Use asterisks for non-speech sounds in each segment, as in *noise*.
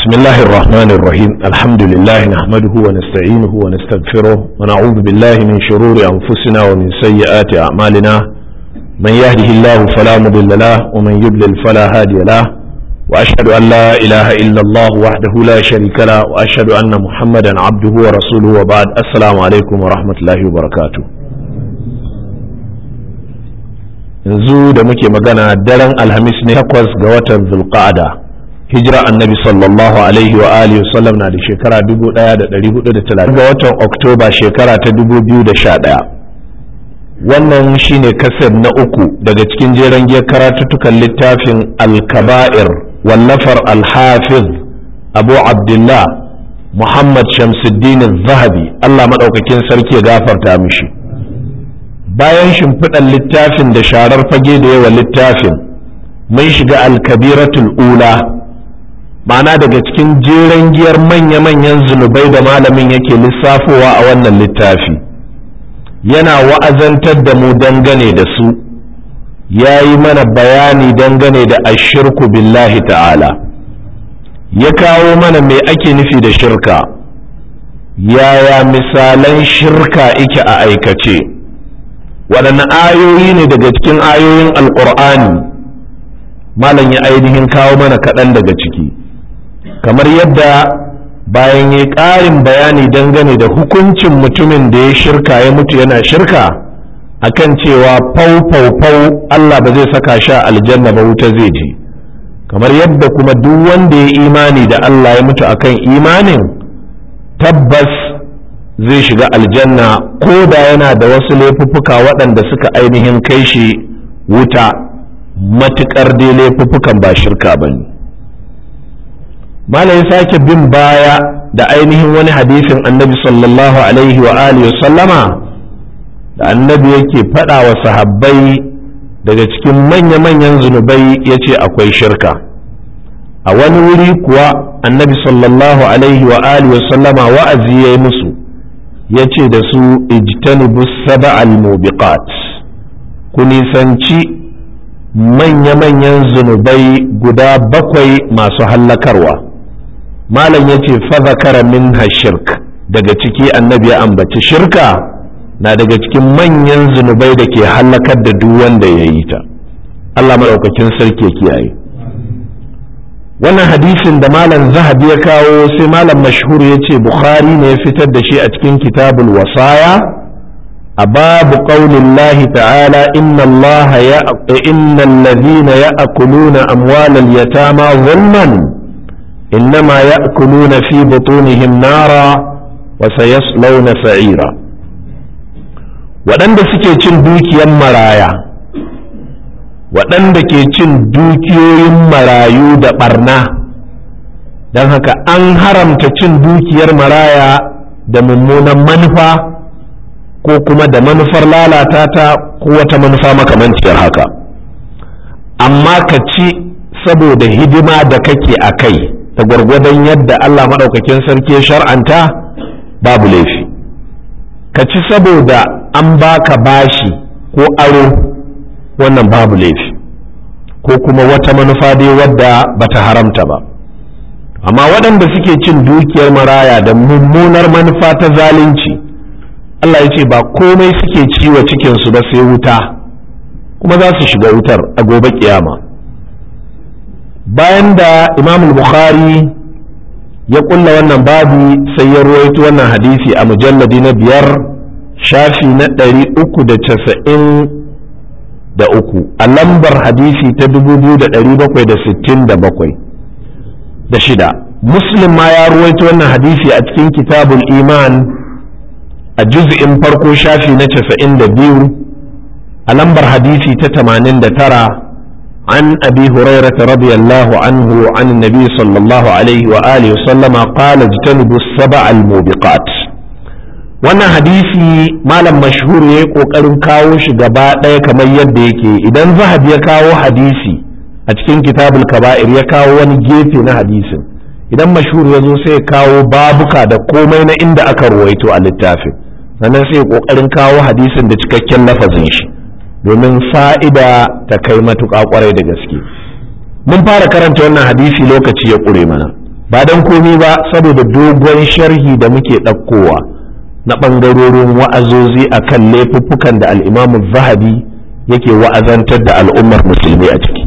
بسم الله الرحمن الرحيم الحمد لله نحمده ونستعينه ونستغفره ونعوذ بالله من شرور أنفسنا ومن سيئات أعمالنا من يهده الله فلا مضل له ومن يضلل فلا هادي له وأشهد أن لا إله إلا الله وحده لا شريك له وأشهد أن محمدا عبده ورسوله وبعد السلام عليكم ورحمة الله وبركاته yanzu da muke magana daren alhamis ne takwas ga watan zulqa'ada hijira annabi sallallahu alaihi wa alihi wasallam na da shekara 1430 ga watan oktoba shekara ta 2011 wannan shine kasar na uku daga cikin jeren giyar karatuttukan littafin alkaba'ir wallafar alhafiz abu abdullah muhammad shamsuddin zahabi allah maɗaukakin sarki ya gafarta mishi bayan shimfiɗan littafin da sharar fage da yawa littafin mun shiga alkabiratul ula ma'ana daga cikin jeren giyar manya-manyan zunubai da malamin yake lissafowa a wannan littafi yana wa'azantar da mu dangane da su ya yi mana bayani dangane da ashirku billahi ta'ala ya kawo mana mai ake nufi da shirka yaya misalan shirka ike a aikace waɗanne ayoyi ne daga cikin ayoyin alƙur'ani malam ya ainihin kawo mana kaɗan daga ciki kamar yadda bayan ya ƙarin bayani dangane da hukuncin mutumin da ya shirka ya mutu yana shirka akan cewa fau fau fau Allah ba zai saka shi aljanna ba wuta zai ji kamar yadda kuma duk wanda ya imani da Allah ya mutu akan imanin tabbas zai shiga aljanna ko da yana da wasu laifuffuka waɗanda suka ainihin kai shi wuta matuƙar dai laifuffukan ba shirka bane mala ya sake bin baya da ainihin wani hadisin annabi sallallahu alaihi wa alihi sallama da annabi yake faɗa wa sahabbai daga cikin manya-manyan zunubai ya ce akwai shirka a wani wuri kuwa annabi sallallahu alaihi wa alihi sallama wa'azi ya yi musu ya ce da su ijtanibu saba'al mubiqat ku nisanci manya-manyan zunubai guda bakwai masu hallakarwa malam ya ce fazakara min shirk daga ciki annabi ya ambaci shirka na daga cikin manyan zunubai da ke hallakar da duk wanda ya yi ta Allah maɗaukakin sarki ya kiyaye wannan hadisin da malam zahabi ya kawo sai malam mashhur ya ce bukhari ne ya fitar da shi a cikin kitabul wasaya a babu ƙaunin lahi ta'ala inna allaha ya a allazina amwalal yatama zulman innama ya'kuluna fi butunihim nara wa sayaslawna sa'ira waɗanda suke cin dukiyar maraya waɗanda ke cin dukiyoyin marayu da ɓarna don haka an haramta cin dukiyar maraya da mummunan manufa ko kuma da manufar lalata ta ko wata manufa makamanciyar haka amma ka ci saboda hidima da kake a kai da gwargwadon yadda Allah maɗaukakin sarki shar'anta babu laifi ka ci saboda an baka bashi ko aro wannan babu laifi ko kuma wata manufa dai wadda bata haramta ba amma waɗanda suke cin dukiyar maraya da mummunar manufa ta zalunci Allah ya ce ba komai suke ciwa cikinsu ba sai wuta kuma za su shiga wutar a gobe kiyama bayan da imam bukhari ya kulla wannan babu sai ya ruwaito wannan hadisi a mujalladi na biyar shafi na ɗari uku da casa'in da uku a lambar hadisi ta dubu biyu da ɗari bakwai da sittin da bakwai da shida muslim ma ya ruwaito wannan hadisi a cikin kitabul iman a juz'in farko shafi na casa'in da biyu a lambar hadisi ta tamanin da tara عن أبي هريرة رضي الله عنه عن النبي صلى الله عليه وآله وسلم قال اجتنبوا السبع الموبقات wannan hadisi malam mashhur ya yi ƙoƙarin kawo shi gaba ɗaya kamar yadda yake idan zahab ya kawo hadisi a cikin kitabul kaba'ir ya kawo wani gefe na hadisin idan mashhur ya zo sai ya kawo babuka da komai na inda aka ruwaito a littafin sannan sai ya ƙoƙarin kawo hadisin da cikakken lafazin shi domin fa'ida ta kai matuƙa ƙwarai da gaske mun fara karanta wannan hadisi lokaci ya ƙure mana ba don komi ba saboda dogon sharhi da muke ɗaukowa na ɓangarorin wa'azozi a kan laifuffukan da al'imamu zahabi yake wa'azantar da al'ummar musulmi a ciki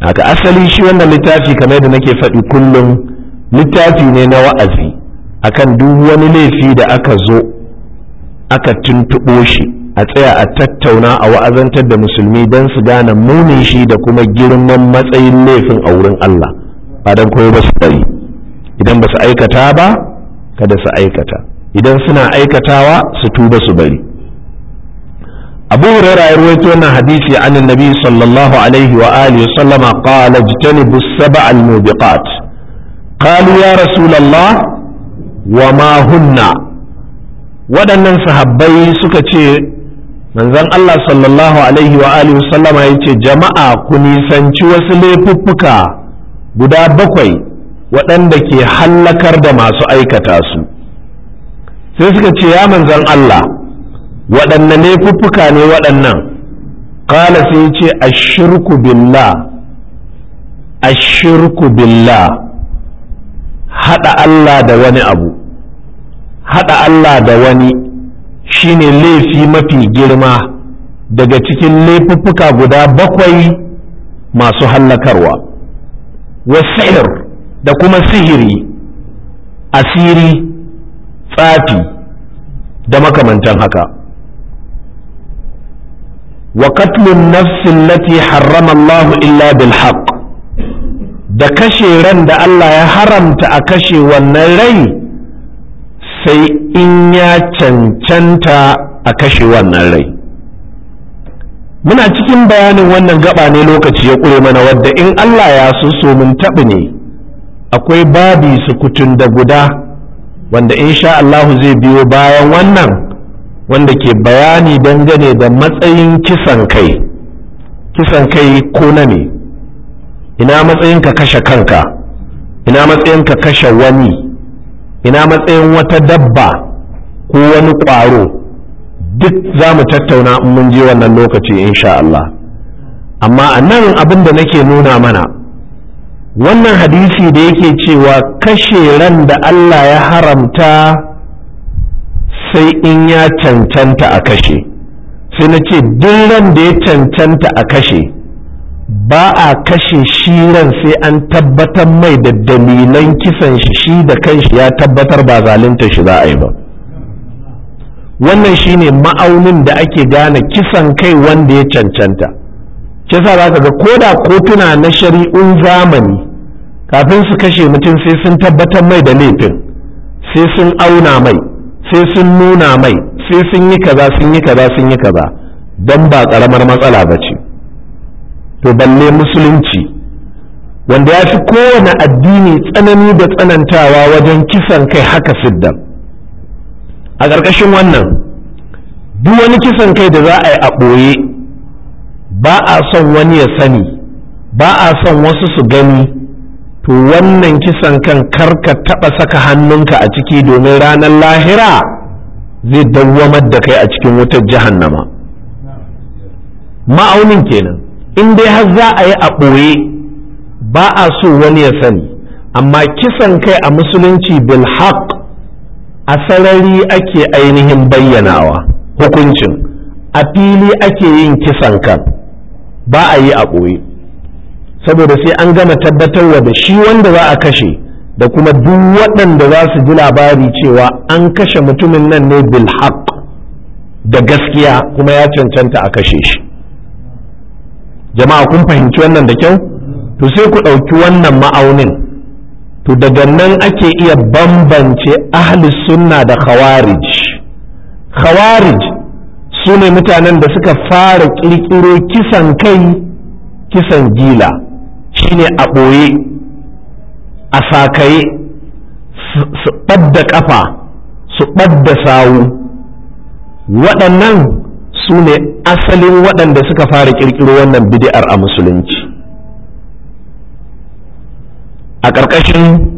haka asali shi wannan littafi kamar da nake faɗi kullum littafi ne na wa'azi akan duk wani laifi da aka zo aka tuntuɓo shi a tsaya a tattauna a wa'azantar da musulmi don su gane munin shi da kuma girman matsayin laifin a wurin Allah ba don koyo ba su bari idan ba su aikata ba kada su aikata idan suna aikatawa su tuba su bari abu huraira ya ruwaito wannan hadisi an annabi sallallahu alaihi wa alihi sallama qala jtanibu sab'a al-mubiqat qalu ya rasulullah wa ma hunna waɗannan sahabbai suka ce manzon Allah sallallahu alaihi wa alihi sallama yace jama'a ku nisanci wasu laifuffuka guda bakwai waɗanda ke hallakar da masu aikata su sai suka ce ya manzon Allah waɗanne laifuffuka ne waɗannan qala sai yace ashirku billah ashirku billah hada Allah da wani abu hada Allah da wani Shi ne laifi mafi girma daga cikin laifuffuka guda bakwai masu hallakarwa wasir da kuma sihiri asiri tsafi da makamantan haka wa katlun nafsin lati harrama Allah illa bil haqq da kashe ran da Allah ya haramta a kashe wannan rai sai in ya cancanta a kashe wannan rai muna cikin bayanin wannan gaba ne lokaci ya ƙure mana wadda in Allah ya so mun taɓi ne akwai babi kutun da guda wanda insha Allahu zai biyo bayan wannan wanda ke bayani dangane da matsayin kisan kai kisan kai ko na ne ina matsayin kashe kanka ina matsayin ka kashe wani ina matsayin wata dabba ko wani ƙwaro duk za mu tattauna mun je wannan lokaci insha Allah amma a nan abin da nake nuna mana wannan hadisi da yake cewa kashe ran da Allah ya haramta sai in ya cancanta a kashe sai na ce duk ran da ya cancanta a kashe ba a kashe shiran sai an tabbatar mai da dalilan kisan shi shi da kanshi ya tabbatar ba zalunta shi za a yi ba wannan shi ne ma'aunin da ake gane kisan kai wanda ya cancanta ce sa za ka ga koda kotuna na shari'un zamani kafin su kashe mutum sai sun tabbatar mai da laifin sai sun auna mai sai sun nuna mai sai sun yi kaza sun yi kaza sun yi kaza don ba ƙaramar matsala ba ce to balle musulunci wanda ya fi kowane addini tsanani da tsanantawa wajen kisan kai haka siddan a ƙarƙashin wannan duk wani kisan kai da za a yi a ɓoye ba a son wani ya sani ba a son wasu su gani to wannan kisan kan karka taɓa saka hannunka a ciki domin ranar lahira zai dawwamar da kai a cikin wutar jahannama ma'aunin kenan in dai har za a yi a ɓoye ba a so wani ya sani amma kisan kai a musulunci bil haq a sarari ake ainihin bayyanawa hukuncin a fili ake yin kisan kan ba a yi a ɓoye saboda sai an gama tabbatarwa da shi wanda za a kashe da kuma duk waɗanda za su ji labari cewa an kashe mutumin nan ne bil haq da gaskiya kuma ya cancanta a kashe shi jama'a kun fahimci wannan da kyau to sai ku ɗauki wannan ma'aunin to daga nan ake iya bambance ahli sunna da khawarij khawarij su ne mutanen da suka fara ƙirƙiro kisan kai kisan gila shine a ɓoye a sakaye su ɓadda ƙafa su ɓadda sawu waɗannan su ne asalin waɗanda suka fara ƙirƙiro wannan bidiyar a musulunci a ƙarƙashin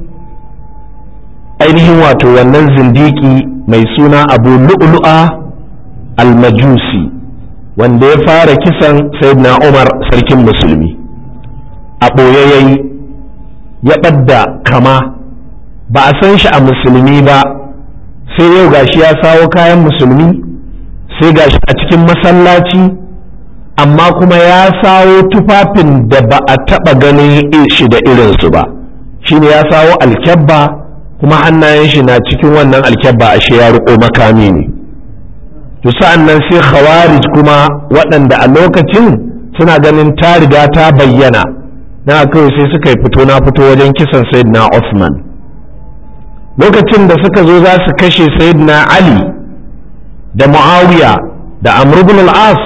ainihin wato wannan zindiki mai suna abu lu'lu'a al wanda ya fara kisan na umar sarkin musulmi a ɓoyayyai ya ɓadda kama ba a san shi a musulmi ba sai yau gashi ya sawo kayan musulmi sai gashi a cikin masallaci amma kuma ya sawo tufafin da ba a taɓa ganin shi da irinsu ba shine ya sawo alkyabba kuma hannayen shi na cikin wannan alkyabba ashe ya riko makami ne to sa'an nan sai khawarij kuma waɗanda a lokacin suna ganin ta riga ta bayyana na kawai sai suka fito na fito wajen kisan sayyidina Osman lokacin da suka zo za su kashe sayyidina Ali da muawiya da amr ibn al-as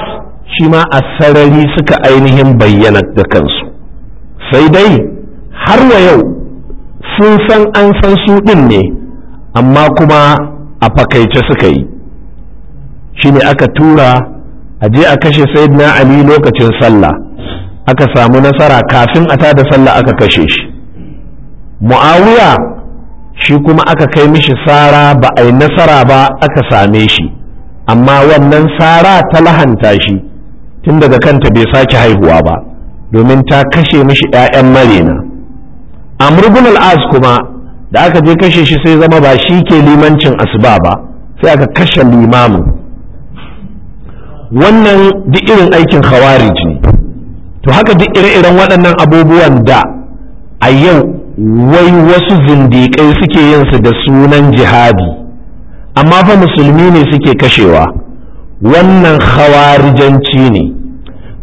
shi ma a sarari suka ainihin bayyana da kansu sai dai har wa yau sun san an san su ɗin ne amma kuma a fakaice suka yi shi ne aka tura a je a kashe sayyidina ali lokacin sallah aka samu nasara kafin a tada sallah aka kashe shi mu'awiya shi kuma aka kai mishi sara ba a yi nasara ba aka same shi amma wannan sara ta lahanta shi tun daga kanta bai sake haihuwa ba domin ta kashe mishi 'ya'yan marena amurgun al'az kuma da aka je kashe shi sai zama ba shi ke limancin asuba ba sai aka kashe limamin wannan duk irin aikin khawarij to haka duk ire-iren waɗannan abubuwan da a yau wai wasu zindiƙai suke yin su da sunan jihadi amma fa musulmi ne suke kashewa wannan khawarijanci ne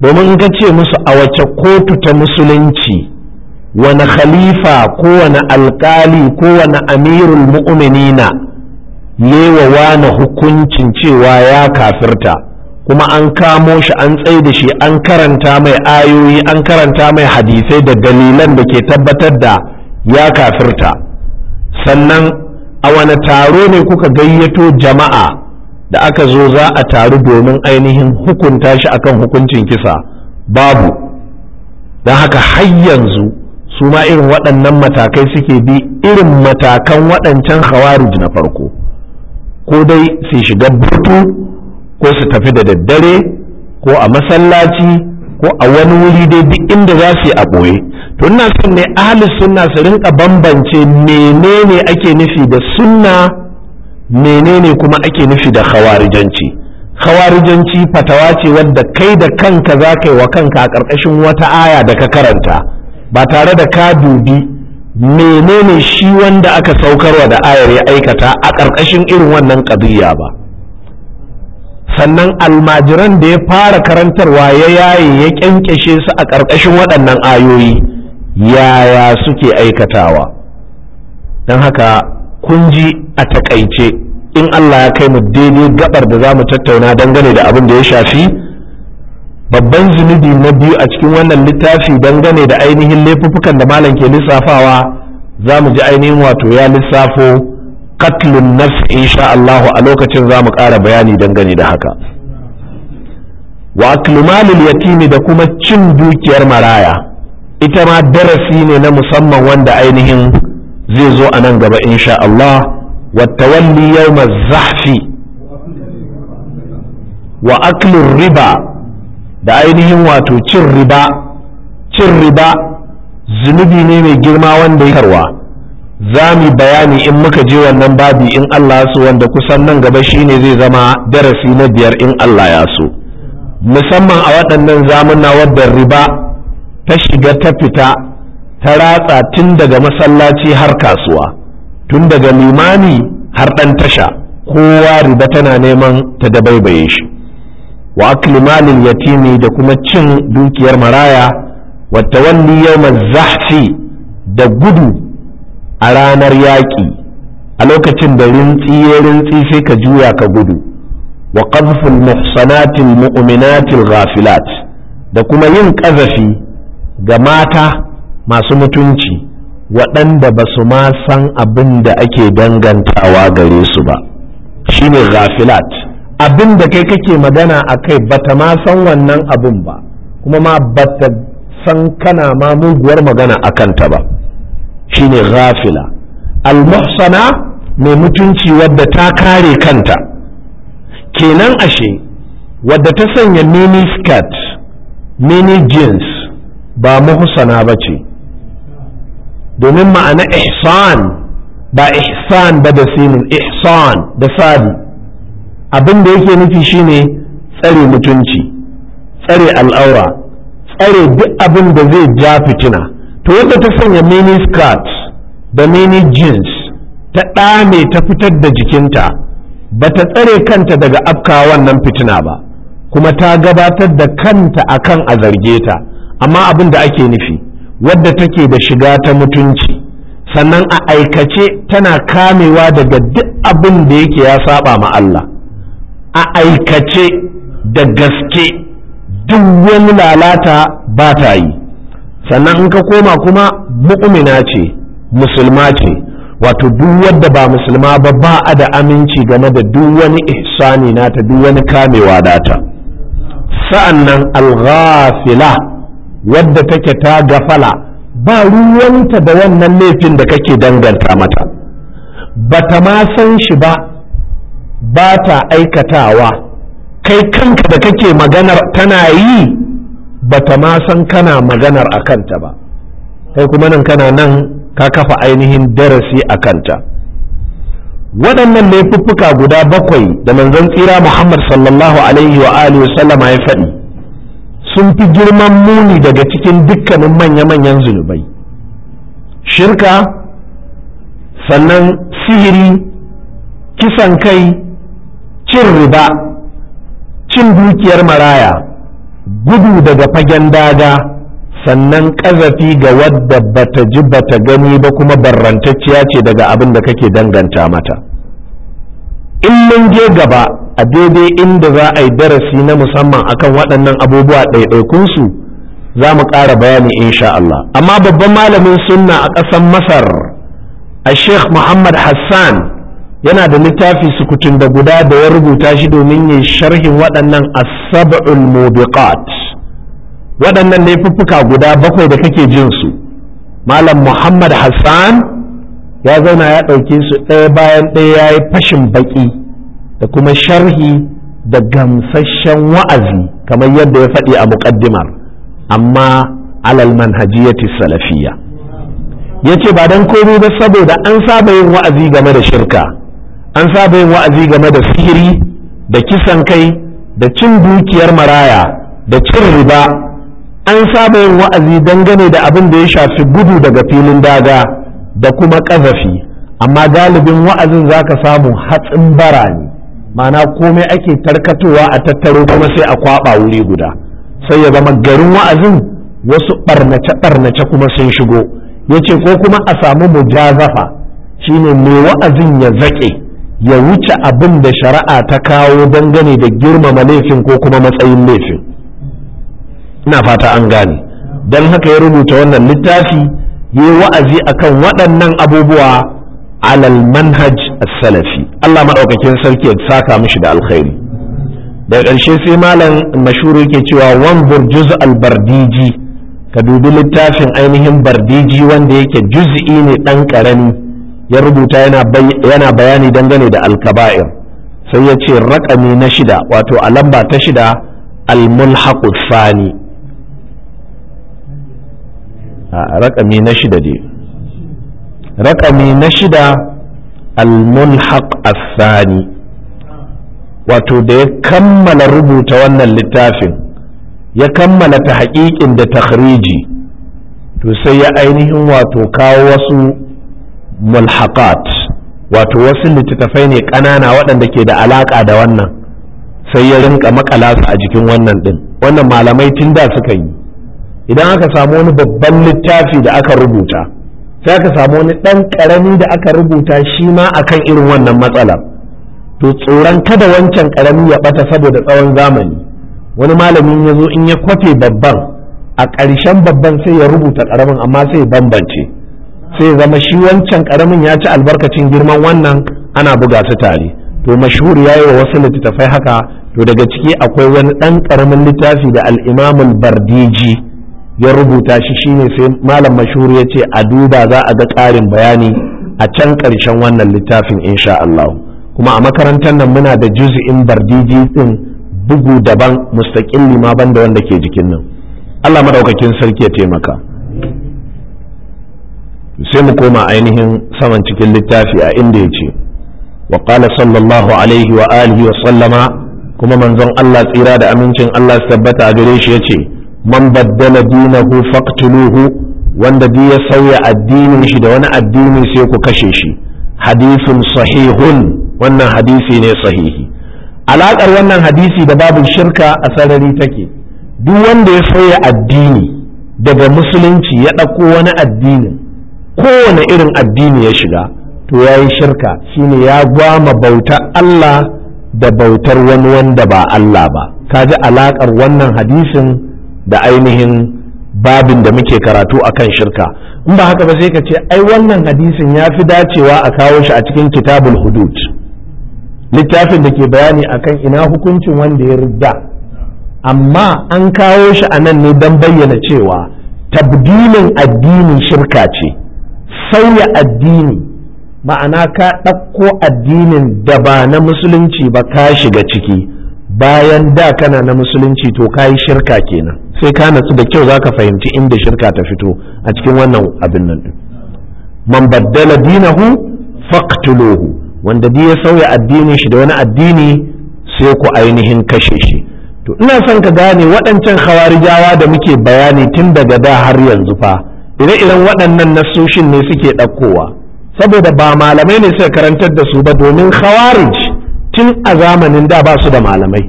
domin in ka ce musu a wace kotu ta musulunci wani khalifa ko wani alkali ko wani amirul mu'minina yewa wani hukuncin cewa ya kafirta kuma an kamo shi an tsaye da shi an karanta mai ayoyi an karanta mai hadisai da dalilan da ke tabbatar da ya kafirta sannan a wani taro ne kuka gayyato jama'a da aka zo za a taru domin ainihin hukunta shi akan hukuncin kisa babu don haka har yanzu su ma irin waɗannan matakai suke bi irin matakan waɗancan khawarij na farko ko dai su shiga butu ko su tafi da daddare ko a masallaci ko a wani wuri dai duk inda za su yi a ɓoye to ina son ne ahli sunna su rinka bambance menene ake nufi da sunna menene kuma ake nufi da khawarijanci khawarijanci fatawa ce wadda kai da kanka za ka yi wa kanka a ƙarƙashin wata aya da ka karanta ba tare da ka dubi menene shi wanda aka saukarwa da ayar ya aikata a ƙarƙashin irin wannan ƙadiyya ba sannan almajiran da ya fara karantarwa ya yaye ya kyankyashe su a ƙarƙashin waɗannan ayoyi yaya suke aikatawa don haka kun ji a takaice in Allah ya kai mu daidai gabar da za mu tattauna dangane da abin da ya shafi babban zunubi na biyu a cikin wannan littafi dangane da ainihin laifuffukan da malam ke lissafawa za mu ji ainihin wato ya lissafo qatlun nafs insha Allah a lokacin za mu ƙara bayani dangane da haka wa malul yatimi da kuma cin dukiyar maraya ita ma darasi ne na musamman wanda ainihin zai zo a nan gaba insha Allah wa tawalli yawma zahfi wa aklur riba da ainihin wato cin riba cin riba zunubi ne mai girma wanda ya karwa za mu bayani in muka je wannan babi in Allah ya so wanda kusan nan gaba shine zai zama darasi na biyar in Allah ya so musamman a waɗannan zamuna wadda riba ta shiga ta fita ta ratsa tun daga masallaci har kasuwa tun daga limani har ɗan tasha kowa riba tana neman ta dabaibaye shi wa akli yatimi da kuma cin dukiyar maraya wata wani yau zahci da gudu a ranar yaƙi a lokacin da rintsi ya rintsi sai ka juya ka gudu wa qadful muhsanatil mu'minatil rafilat, da kuma yin ƙazafi ga mata masu mutunci waɗanda ba su ma san abin da ake dangantawa gare su ba shine rafilat. abin da kai kake magana a kai ba ta ma san wannan abin ba kuma ma ba ta san kana ma muguwar magana a kanta ba shine ghafila al-muhsana mai mutunci wadda ta kare kanta kenan ashe wadda ta sanya mini skirt mini jeans ba muhsana ba ce domin ma'ana ihsan ba ihsan ba da sinin ihsan da sadi abin da yake nufi shine tsare mutunci tsare al'aura tsare duk abin da zai ja fitina to ta sanya mini skirt da mini jeans ta ɗame ta fitar da jikinta ba ta tsare kanta daga afka wannan fitina ba kuma ta gabatar da kanta akan a zarge ta amma abin da ake nufi wadda take da shiga ta mutunci sannan a aikace tana kamewa daga duk abin da yake ya saba ma Allah a aikace da gaske duk wani lalata ba ta yi sannan in ka koma kuma mu'mina ce musulma ce wato duk wadda ba musulma ba ba a da aminci game da duk wani ihsani nata duk wani kamewa data sa'annan alghafila wadda take ta gafala ba ruwanta da wannan laifin da kake danganta mata bata ma san shi ba ba ta aikatawa kai kanka da kake maganar tana yi bata ma san kana maganar a kanta ba kai kuma nan kana nan ka kafa ainihin darasi a kanta waɗannan laifuffuka guda bakwai da manzon tsira muhammad sallallahu alaihi wa alihi sallama ya faɗi sun fi girman muni daga cikin dukkanin manya-manyan zunubai shirka sannan sihiri kisan kai cin riba cin dukiyar maraya gudu daga fagen daga sannan ƙazafi ga wadda bata ji bata gani ba kuma barrantacciya ce daga abin da kake danganta mata in mun je gaba a daidai inda za a yi darasi na musamman akan waɗannan abubuwa ɗaiɗaikunsu za mu ƙara bayani insha Allah amma babban malamin sunna a ƙasar masar a sheikh muhammad hassan yana da littafi sukutun da guda da ya rubuta shi domin yin sharhin waɗannan as mubiqat waɗannan laifuffuka guda bakwai da kake jin su malam muhammad hassan ya zauna ya ɗauke su ɗaya bayan ɗaya ya yi fashin baƙi da kuma sharhi da gamsashen wa'azi kamar yadda ya faɗi a muƙaddimar amma alal manhajiyati salafiya. ya ce ba don komai ba saboda an saba yin wa'azi game da shirka an saba yin wa'azi game da sihiri da kisan kai da cin dukiyar maraya da cin riba an saba yin wa'azi dangane da abin da ya shafi gudu daga filin daga da kuma ƙazafi amma galibin wa'azin za ka samu hatsin bara ne ma'ana komai ake tarkatowa a tattaro kuma sai a kwaɓa wuri guda sai ya zama garin wa'azin wasu ɓarnace-ɓarnace kuma sun shigo ya ce ko kuma a samu mujazafa shine mai wa'azin ya zaƙe ya wuce abin da shari'a ta kawo dangane da girmama laifin ko kuma matsayin laifin ina fata an gane don haka ya rubuta wannan littafi ya yi wa'azi akan waɗannan abubuwa alal manhaj salafi Allah maɗaukakin sarki ya saka mishi da alkhairi da ƙarshe sai malam mashuru yake cewa wanzur al albardiji ka dubi littafin ainihin bardiji wanda yake juz'i ne ɗan ƙarami ya rubuta yana bayani dangane da alkaba'ir sai ya ce raƙami na shida wato a lamba ta shida fani a raƙami na shida dai raƙami na shida almulhaq wato da ya kammala rubuta wannan littafin ya kammala ta haƙiƙin da takhriji to sai ya ainihin wato kawo wasu mulhaqat wato wasu littattafai ne ƙanana waɗanda ke da alaƙa da wannan sai ya rinka makala su a jikin wannan ɗin wannan malamai tun da suka yi idan aka samu wani babban littafi da aka rubuta sai aka samu wani ɗan ƙarami da aka rubuta shi ma akan irin wannan matsala to tsoron kada wancan ƙarami ya ɓata saboda tsawon zamani wani malamin ya zo in ya kwafe babban a ƙarshen babban sai ya rubuta ƙaramin amma sai ya bambance sai zama shi wancan karamin ya ci albarkacin girman wannan ana buga su tare to mashhur yayi wa wasu littattafai haka to daga ciki akwai wani dan karamin littafi da al-Imam bardiji ya rubuta shi shine sai malam mashhur ya ce a duba za a ga ƙarin bayani a can karshen wannan littafin insha Allah kuma a makarantar nan muna da juz'in bardiji din bugu daban mustaqilli ma banda wanda ke jikin nan Allah madaukakin sarki ya taimaka sai mu koma ainihin saman cikin littafi a inda ya ce wa qala sallallahu alaihi wa alihi wa sallama kuma manzon Allah tsira da amincin Allah su tabbata a gare shi yace man baddala dinahu faqtuluhu wanda bi ya sauya addinin shi da wani addini sai ku kashe shi hadithun sahihun wannan hadisi ne sahihi alaƙar wannan hadisi da babu shirka a sarari take duk wanda ya sauya addini daga musulunci ya ɗauko wani addinin kowane irin addini ya shiga to ya yi shirka shine ya gwama bautar Allah da bautar wani wanda ba Allah ba Ka ji alaƙar wannan hadisin da ainihin babin da muke karatu akan shirka in ba haka ba sai ka ce ai wannan hadisin ya fi dacewa a kawo shi a cikin kitabul hudud littafin da ke bayani akan ina hukuncin wanda ya riga? amma an kawo shi a nan ne don bayyana cewa tabdilin addini shirka ce sauya addini ma'ana ka ɗauko addinin da ba na musulunci ba ka shiga ciki bayan da kana na musulunci to ka yi shirka kenan sai ka natsu da kyau za ka fahimci inda shirka ta fito a cikin wannan abin nan ɗin man baddala dinahu faqtuluhu wanda ya sauya addinin shi da wani addini sai ku ainihin kashe shi to ina son ka gane waɗancan khawarijawa da muke bayani tun daga da har yanzu fa ire-iren waɗannan nasoshin ne suke ɗaukowa saboda ba malamai ne suka karantar da su ba domin khawarij tun a zamanin da ba su da malamai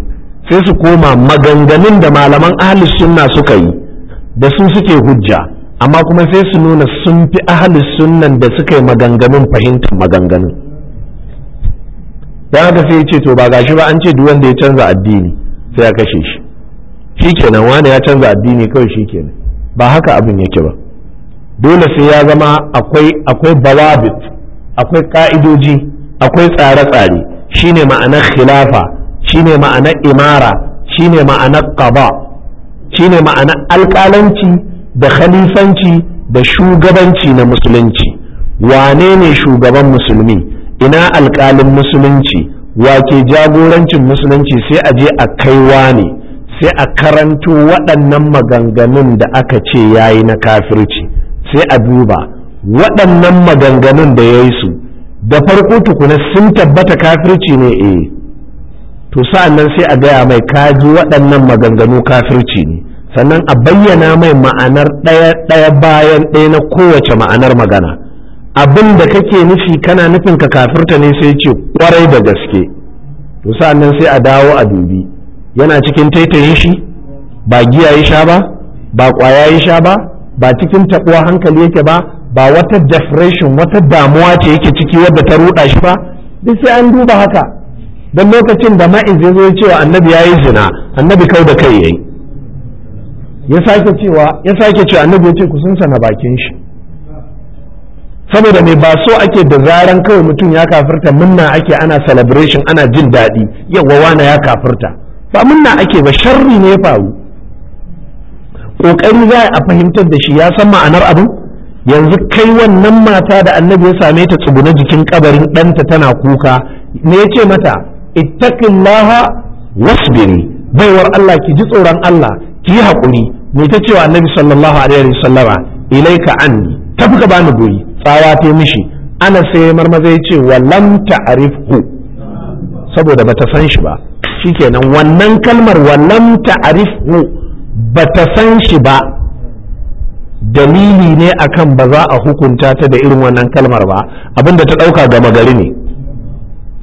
sai su koma maganganun da malaman ahlus sunna suka yi da su suke hujja amma kuma sai su nuna sun fi ahlus sunnan da suka yi maganganun fahimtar maganganun dan haka sai ya ce to ba gashi ba an ce duk wanda ya canza addini sai ya kashe shi shikenan wani ya canza addini kawai shikenan ba haka abin yake ba dole sai ya zama akwai akwai bawabit akwai ka'idoji akwai tsare-tsare shine ma'anar khilafa shine ma'anar imara shine ma'anar qada shine ma'anar alƙalanci da khalifanci da shugabanci na musulunci wane ne shugaban musulmi ina alƙalin musulunci wake jagorancin musulunci sai a je a kaiwa ne sai a karanto waɗannan maganganun da aka ce yayi na kafirci sai a duba waɗannan maganganun da ya yi su da farko tukuna sun tabbata kafirci ne eh to sa'an nan sai a gaya mai kaji waɗannan maganganu kafirci ne sannan a bayyana mai ma'anar ɗaya ɗaya bayan ɗaya na kowace ma'anar magana abin da kake nufi kana nufin ka kafirta ne sai ce kwarai da gaske to sa'an nan sai a dawo a dubi yana cikin taitayin shi ba giya ya sha ba ba ƙwaya ya sha ba ba cikin taɓuwa hankali yake ba ba wata depression wata damuwa ce yake ciki wadda ta ruɗa shi ba duk sai an duba haka don lokacin da ma'iz ya zo ya cewa annabi ya yi zina annabi kau da kai ya sake ya sake cewa annabi ya ce ku sun sana bakin shi saboda mai ba so ake da zaran kawai mutum ya kafirta munna ake ana celebration ana jin daɗi yawa wana ya kafirta ba munna ake ba sharri ne ya faru ƙoƙari za a fahimtar da shi ya san ma'anar abin yanzu kai wannan mata da annabi ya same ta tsuguna jikin kabarin ɗanta tana kuka me ya ce mata ittaqillaha wasbiri baiwar Allah ki ji tsoron Allah ki yi haƙuri me ta cewa annabi sallallahu alaihi wa ilaika anni tafi ka bani guri tsawa ta mishi ana sai marmaza ya ce wa lam ta'rifhu saboda bata san shi ba shikenan wannan kalmar wa lam ta'rifhu ba ta san shi ba dalili ne akan ba za a hukunta ta da irin wannan kalmar ba abinda ta ɗauka gama gari ne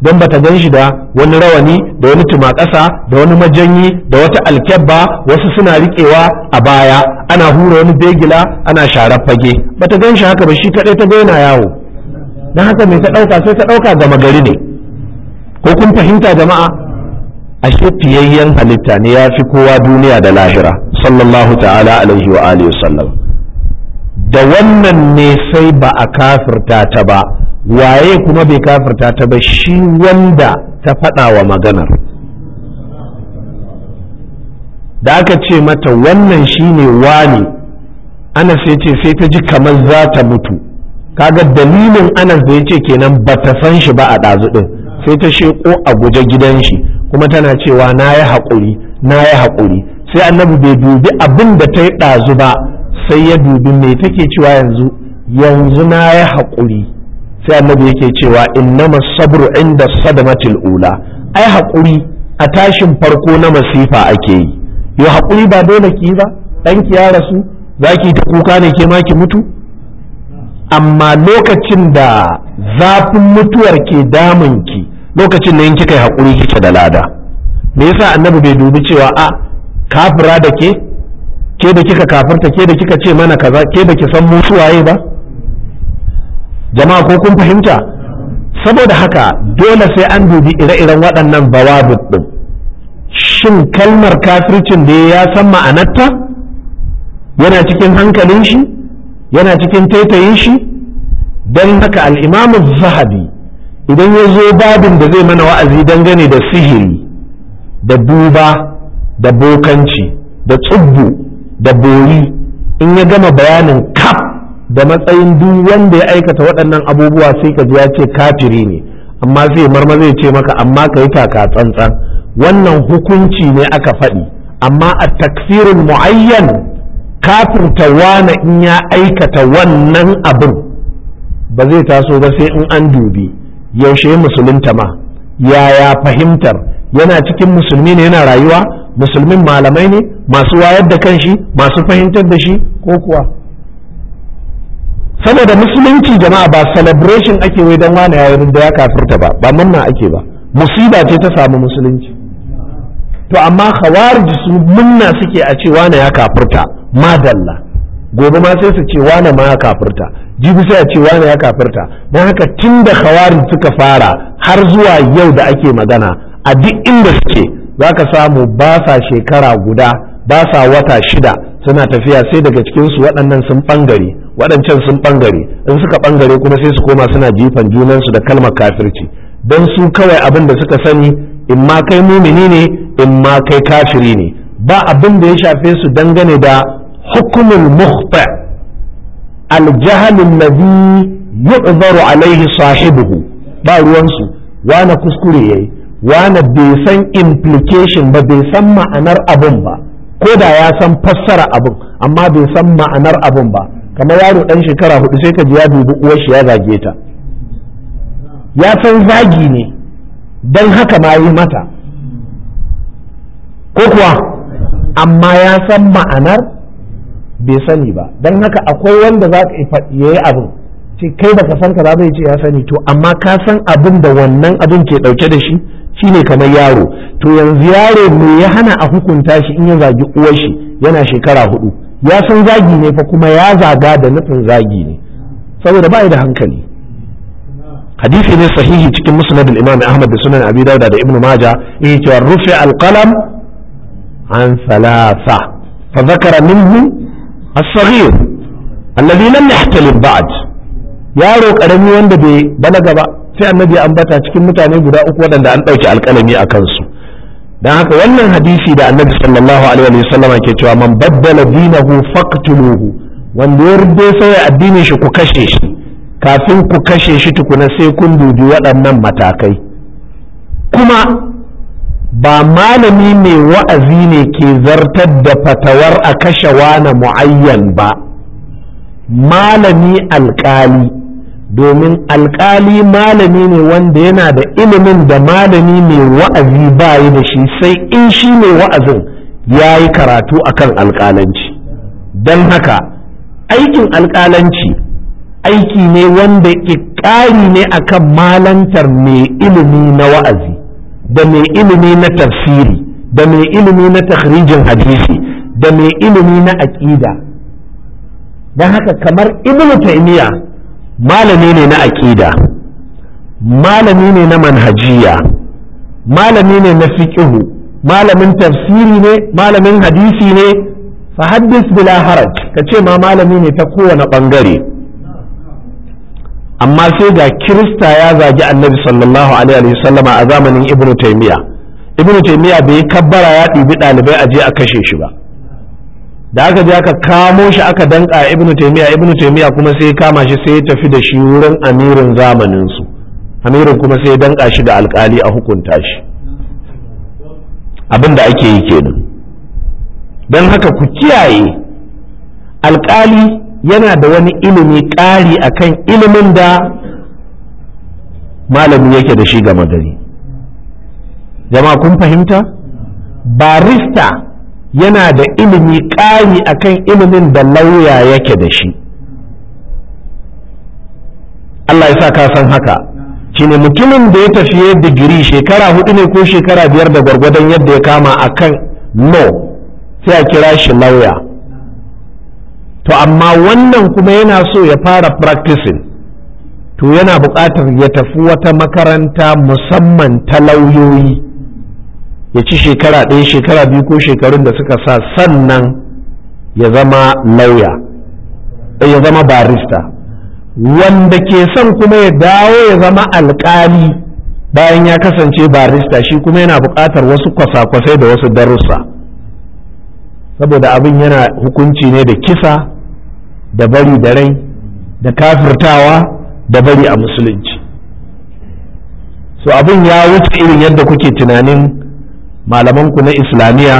don ba ta gan da wani rawani da wani tumakasa da wani majanyi da wata alkyabba wasu suna riƙewa a baya ana hura wani begila ana sharar fage ba ta gan haka ba shi kaɗai ta yana yawo na haka mai ta ɗauka sai ta ɗauka gama gari ne ko kun fahimta jama'a ashe fiyayyen halitta ne ya fi kowa duniya da lahira sallallahu ta'ala alaihi wa alihi sallam. da wannan ne sai ba a kafirta ta ba waye kuma bai kafirta ta ba shi wanda ta faɗa wa maganar da aka ce mata wannan shi ne wani ana ya ce sai ta ji kamar za ta mutu kaga dalilin anas da ya ce kenan ba ta san shi ba a ɗazu ɗin sai ta sheko a guje gidan shi kuma tana cewa na yi haƙuri na yi haƙuri sai annabi bai dubi abin da ta yi ɗazu ba sai ya dubi me take cewa yanzu yanzu na ya haƙuri sai annabi yake cewa innama sabru inda sadamatil ula ai haƙuri a tashin farko na masifa ake yi yau haƙuri ba dole ki ba ɗanki ya rasu za ki ta kuka ne ke ma ki mutu amma lokacin da zafin mutuwar ke damunki lokacin da in kika yi haƙuri kike da lada me yasa annabi bai dubi cewa a kafira da ke ke da kika kafirta ke da kika ce mana kaza ke da ki san mu suwaye ba jama'a ko kun fahimta saboda haka dole sai an dubi ire-iren waɗannan bawabut din shin kalmar kafircin da ya san ma'anarta yana cikin hankalin shi yana cikin taitayin shi don haka al'imamu zahabi idan ya zo babin da zai mana wa'azi dangane da sihiri da duba da bokanci da tsubbu da bori in ya gama bayanin kaf da matsayin duk wanda ya aikata waɗannan abubuwa sai ka ji ya ce kafiri ne amma zai marma zai ce maka amma ka yi taka tsantsan wannan hukunci ne aka faɗi amma a takfirin mu'ayyan kafirta wana in ya aikata wannan abin ba zai taso ba sai in an dubi yaushe musulunta ma yaya fahimtar yana cikin musulmi ne yana rayuwa musulmin malamai ne masu wayar da kanshi, masu fahimtar da shi ko kuwa saboda musulunci jama'a ba celebration ake wai don wani yayin da ya kafirta ba ba manna ake ba musiba ce ta samu musulunci to amma khawarij su munna suke a ce wani ya kafirta madalla gobe ma sai su ce wani ma ya kafirta jibi sai a ce wani ya kafirta don haka tun da khawarij suka fara har zuwa yau da ake magana a duk inda suke za ka samu ba sa shekara guda ba sa wata shida suna tafiya sai daga cikinsu waɗannan sun ɓangare waɗancan sun ɓangare in suka ɓangare kuma sai su koma suna jifan junansu da kalmar kafirci don su kawai abin da suka sani in ma kai mumini ne in ma kai kafiri ne ba abin da ya shafe su dangane da hukumin muhta aljahalin ladhi yu'zaru alaihi sahibuhu ba ruwansu wane kuskure yayi wane bai san implication ba bai san ma'anar abun ba ko da ya san fassara abun amma bai san ma'anar abun ba kamar yaro dan shekara hudu sai ka ji ya dubi uwar shi ya zage ta ya san zagi ne don haka ma yi mata ko kuwa amma ya san ma'anar bai sani ba dan haka akwai wanda za ka yi abin ce kai baka san kaza zai ce ya sani to amma ka san abin da wannan abin ke dauke da shi shine kamar yaro to yanzu yaro mai ya hana a hukunta shi in ya zagi uwar shi yana shekara hudu ya san zagi ne fa kuma ya zaga da nufin zagi ne saboda bai da hankali hadisi ne sahihi cikin musnad al-imam ahmad da sunan abi dauda da ibnu majah eh cewa rufi al-qalam an thalatha fa dhakara minhu as-saghir alladhi lam yahtalim ba'd yaro karami wanda bai balaga ba sai annabi ya ambata cikin mutane guda uku waɗanda an ɗauki alƙalami a kansu dan haka wannan hadisi da annabi sallallahu alaihi wa sallama ke cewa man baddala dinahu faqtuluhu wanda ya rubbe sai addinin shi ku kashe shi kafin ku kashe shi tukuna sai kun dubi waɗannan matakai kuma ba malami mai wa'azi ne ke zartar da fatawar a kashe wani mu'ayyan ba malami alƙali. domin alƙali malami ne wanda yana da ilimin da malami mai wa'azi ba yi da shi sai in shi mai wa'azin ya yi karatu akan alkalanci don haka aikin alƙalanci aiki ne wanda ƙari ne akan malantar mai ilimi na wa'azi da mai ilimi na tafsiri da mai ilimi na takhrijin hadisi da mai ilimi na aƙida don haka kamar ibnu taymiya malami ne na aƙida malami ne na manhajiya malami ne na fiƙihu malamin tafsiri ne malamin hadisi ne fa bila haraj ka ce ma malami ne ta kowane ɓangare amma sai ga kirista ya zagi annabi sallallahu alaihi wasallama a zamanin ibnu taymiya ibnu taymiya bai kabbara ya ɗibi ɗalibai a je a kashe shi ba da aka je aka kamo shi aka danka ibnu taymiya ibnu taymiya kuma sai ya kama shi sai ya tafi da shi wurin amirin zamanin su amirin kuma sai ya danka shi da alkali a hukunta shi abin da ake yi kenan don haka ku kiyaye alkali yana da wani ilimi ƙari akan ilimin da malami yake da shi gama gari jama'a kun fahimta barista yana da ilimi ƙari akan ilimin da lauya yake da shi Allah ya sa ka san haka shine mutumin da ya tafi digiri shekara hudu ne ko shekara biyar da gwargwadon yadda ya kama akan no sai a kira shi lauya to amma wannan kuma yana so ya fara practicing to yana buƙatar ya tafi wata makaranta musamman ta lauyoyi ya ci shekara ɗaya shekara biyu ko shekarun da suka sa sannan ya zama lauya eh, ya zama barista wanda ke son kuma ya dawo ya zama alkali bayan ya kasance barista shi kuma yana buƙatar wasu kwasa-kwasai da wasu darussa saboda abin yana hukunci ne da kisa da bari da rai da kafirtawa da bari a musulunci so abin ya wuce irin yadda kuke tunanin malaman ku na islamiyya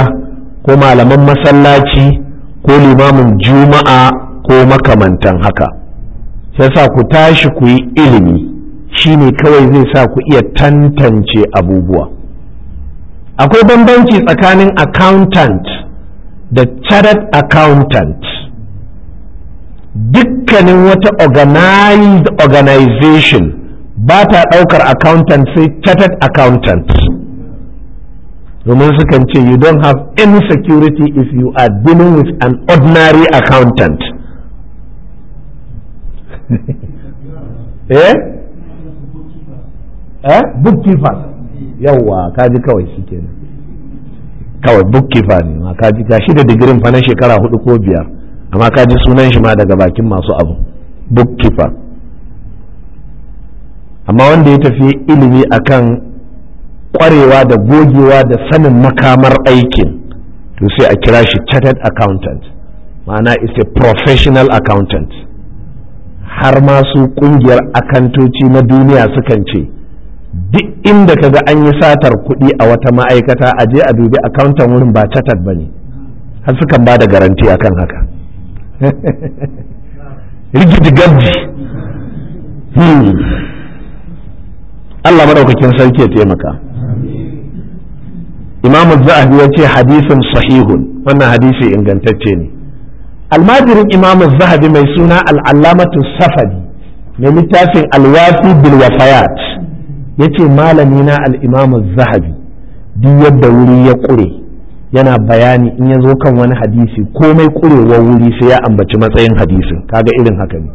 ko malaman masallaci ko limamin juma'a ko makamantan haka sa ku tashi ku yi ilimi shine kawai zai sa ku iya tantance abubuwa akwai bambanci tsakanin accountant da chartered accountant dukkanin wata organized organization ba ta ɗaukar accountant sai chartered accountant domin sukan ce you don't have any security if you are dealing with an ordinary accountant *laughs* eh eh bookkeeper yawwa kaji kawai shikenan kawai bookkeeper ne ma kaji gashi da digirin fa na shekara hudu ko biyar amma kaji sunan shi ma daga bakin masu abu bookkeeper amma wanda ya tafi ilimi akan kwarewa da gogewa da sanin makamar aikin to sai a kira shi chartered accountant ma'ana is a professional accountant har ma su kungiyar akantoci na duniya sukan ce duk inda ka ga an yi satar kuɗi a wata ma'aikata a je a dubi accountant wurin ba chartered ba ne har sukan ba da garanti akan haka *laughs* rigidi gabji hmm. Allah madaukakin sarki ya taimaka imamu zahabi ya ce hadisin sahihun wannan hadisi ingantacce ne almajirin imamu zahabi mai suna al'allamatu safari mai littafin alwafi wafayat ya ce malami na al'imamu zahabi duk yadda wuri ya kure yana bayani in ya zo kan wani hadisi komai ƙurewar wuri sai ya ambaci matsayin hadisin kaga irin haka ne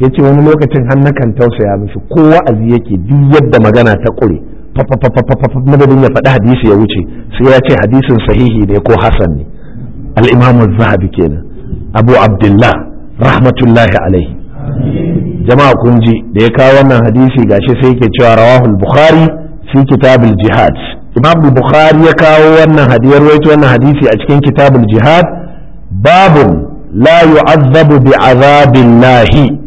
ya ce wani lokacin hannakan tausaya musu kowa wa'azi yake duk yadda magana ta kure. madadin ya faɗi hadisi ya wuce sai ya ce hadisin sahihi ne ko hasan ne al zahabi kenan abu abdullah rahmatullahi alaihi jama'a kun ji da ya kawo wannan hadisi gashi sai yake cewa rawahul bukhari fi kitabul jihad imam bukhari ya kawo wannan hadiyar waito wannan hadisi a cikin kitabul jihad babun la yu'azzabu bi azabillahi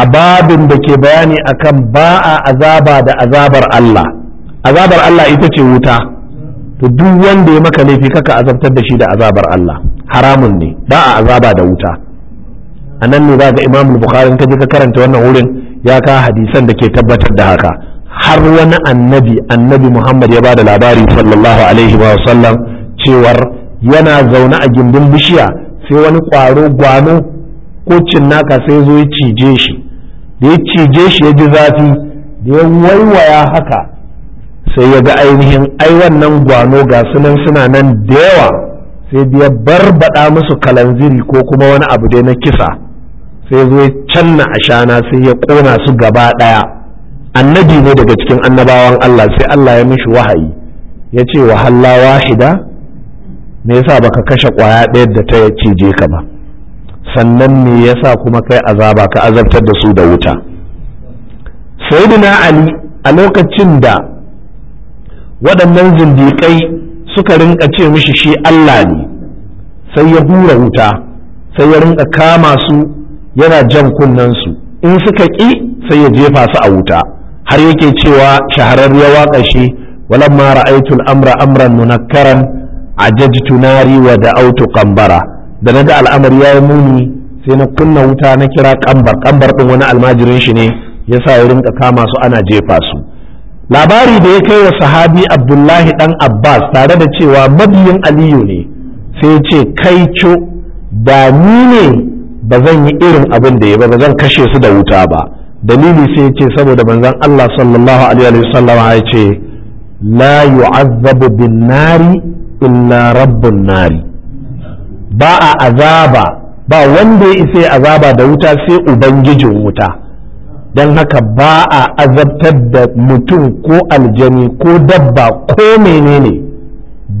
a babin da ke bayani akan ba a azaba da azabar Allah azabar Allah ita ce wuta to duk wanda ya maka laifi kaka azabtar da shi da azabar Allah haramun ne ba a azaba da wuta a nan ne za ga imamul bukhari ka je ka karanta wannan wurin ya ka hadisan da ke tabbatar da haka har wani annabi annabi muhammad ya ba da labari sallallahu alaihi wa sallam cewar yana zaune a gindin bishiya sai wani kwaro gwano ko cinnaka sai zo ya cije shi da ya cije shi ya ji zafi da ya waiwaya haka sai ya ga ainihin ai wannan gwano ga sunan suna nan da yawa sai ya barbaɗa musu kalanziri ko kuma wani abu dai na kisa sai zo ya canna ashana sai ya kona su gaba ɗaya annabi ne daga cikin annabawan Allah sai Allah ya mishi wahayi ya ce wahalla wahida me yasa baka kashe kwaya ɗaya da ta cije ka ba sannan me sa kuma kai azaba ka azabtar da su da wuta sayyidina ali a lokacin da waɗannan zindiƙai suka rinka ce mishi shi Allah ne sai ya hura wuta sai ya rinka kama su yana jan kunnensu in suka ƙi sai ya jefa su a wuta har yake cewa ya waƙa shi walamma ra'aytul amra amran munakkaran ajajtu nari wa da'autu qambara da na ga al'amari ya yi muni sai na kunna wuta na kira kambar kambar ɗin wani almajirin shi ne ya sa ya rinka kama su ana jefa su labari da ya kai wa sahabi abdullahi dan abbas tare da cewa mabiyin aliyu ne sai ce kai co da ni ne ba zan yi irin abin da ya ba zan kashe su da wuta ba dalili sai ya ce saboda manzon allah sallallahu alaihi wasallam ya ce la yu'azzabu bin nari illa rabbun nari ba a azaba ba wanda ya isa azaba da wuta sai ubangijin wuta don haka ba a azabtar da mutum ko aljani ko dabba ko menene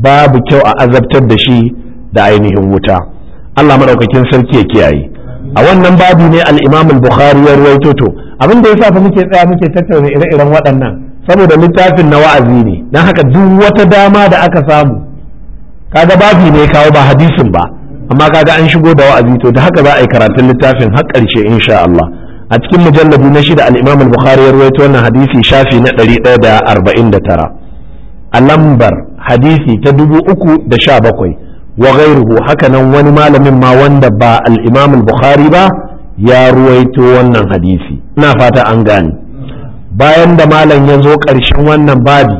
babu kyau a azabtar da shi da ainihin wuta Allah maɗaukakin sarki ya kiyaye a wannan babu ne al-Imam al-Bukhari ya ruwaito to abin da yasa fa muke tsaya muke tattauna ire-iren waɗannan saboda littafin na wa'azi ne don haka duk wata dama da aka samu kaga babu ne kawo ba hadisin ba amma kaga an shigo da wa'azi to da haka za a yi karatun littafin har ƙarshe insha Allah a cikin mujalladu na shida al-Imam al-Bukhari ya rawaito wannan hadisi shafi na 149 a lambar hadisi ta 317 wa ghairuhu haka nan wani malamin ma wanda ba al-Imam al-Bukhari ba ya ruwaito wannan hadisi ina fata an gane bayan da malam ya zo ƙarshen wannan babi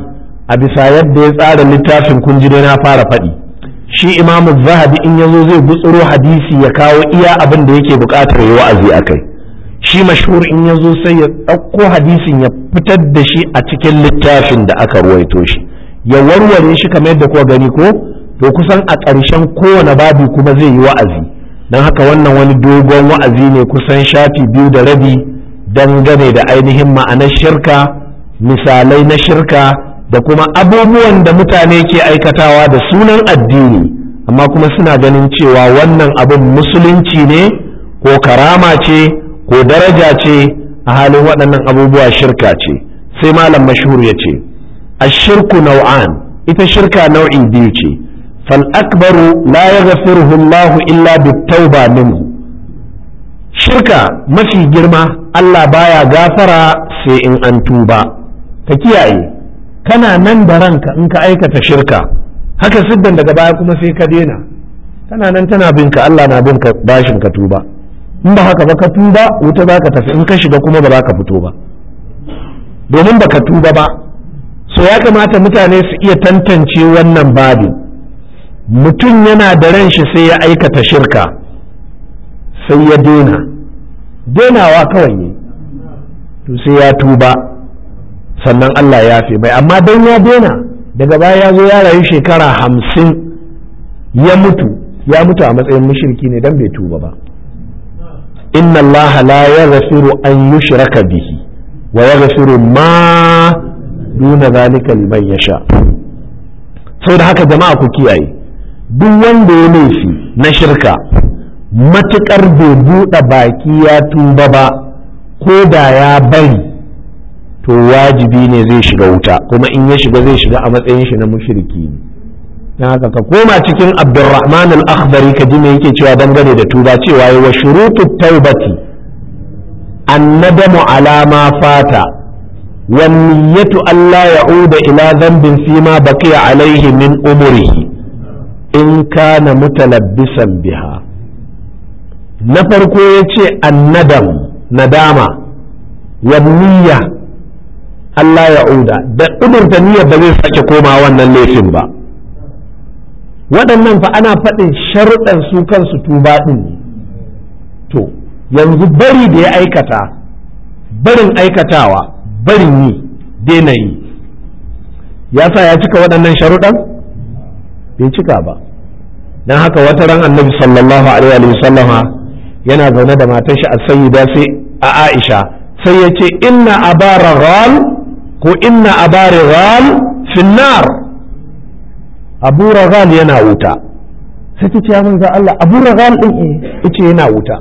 a bisa yadda ya tsara littafin kun ji na fara faɗi shi imamu zahabi in yazo zai gutsuro hadisi ya kawo iya abin da yake bukatar yi wa'azi a kai shi mashhur in yazo sai ya ɗauko hadisin ya fitar da shi a cikin littafin da aka ruwaito shi ya warware shi kamar yadda kuwa gani ko to kusan a ƙarshen kowane babi kuma zai yi wa'azi don haka wannan wani dogon wa'azi ne kusan shafi biyu da rabi dangane da ainihin ma'anar shirka misalai na shirka da kuma abubuwan da mutane ke aikatawa da sunan addini amma kuma suna ganin cewa wannan abin musulunci ne ko karama ce ko daraja ce a halin waɗannan abubuwa shirka ce sai malam mashhur ya ce A shirku nau'an ita shirka nau'in biyu ce fal akbaru la yaghfiruhu Allah illa tauba minhu shirka mafi girma Allah baya gafara sai in an tuba ka kiyaye kana nan da ranka in ka aikata shirka haka siddan daga baya kuma sai ka daina kana nan tana bin ka Allah na bin ka bashin ka tuba in ba haka ba ka tuba wuta za ka tafi in ka shiga kuma ba za ka fito ba domin ba ka tuba ba so ya kamata mutane su iya tantance wannan babi mutum yana da ran shi sai ya aikata shirka sai ya daina denawa kawai ne to sai ya tuba sannan Allah ya fi bai, amma dan ya daina daga baya ya zo ya rayu shekara hamsin ya mutu ya mutu a matsayin mushriki ne dan bai tuba ba inna Allah la yaghfiru an yushraka bihi wa yaghfiru ma duna zalika liman yasha saboda haka jama'a ku kiyaye duk wanda ya laifi na shirka matuƙar bai buɗe baki ya tuba ba ko da ya bari to wajibi ne zai shiga wuta kuma in ya shiga zai shiga a matsayin shi na mushriki na haka ka koma cikin abdurrahman al-akhdari ka ji me yake cewa dangane da tuba cewa ya wa shurutu taubati annadamu ala ma fata wa niyyatu alla ya'uda ila dhanbin fi ma baqiya alayhi min umrihi in kana mutalabbisan biha na farko yace annadam nadama wa niyya Allah ya uda da ƙudurta niyyar ba zai sake koma wannan laifin ba waɗannan fa ana faɗin sharuɗan su kansu tuba ɗin ne to yanzu bari da ya aikata barin aikatawa barin yi daina yi ya sa ya cika waɗannan sharuɗan bai cika ba don haka wata ran annabi sallallahu alaihi wa sallama yana zaune da matar shi a sayyida sai a aisha sai ya ce inna abara ral ko inna a ghal finnar abu ragal yana wuta sai ta ce ya manzan Allah abu ragal din eh, ce yana wuta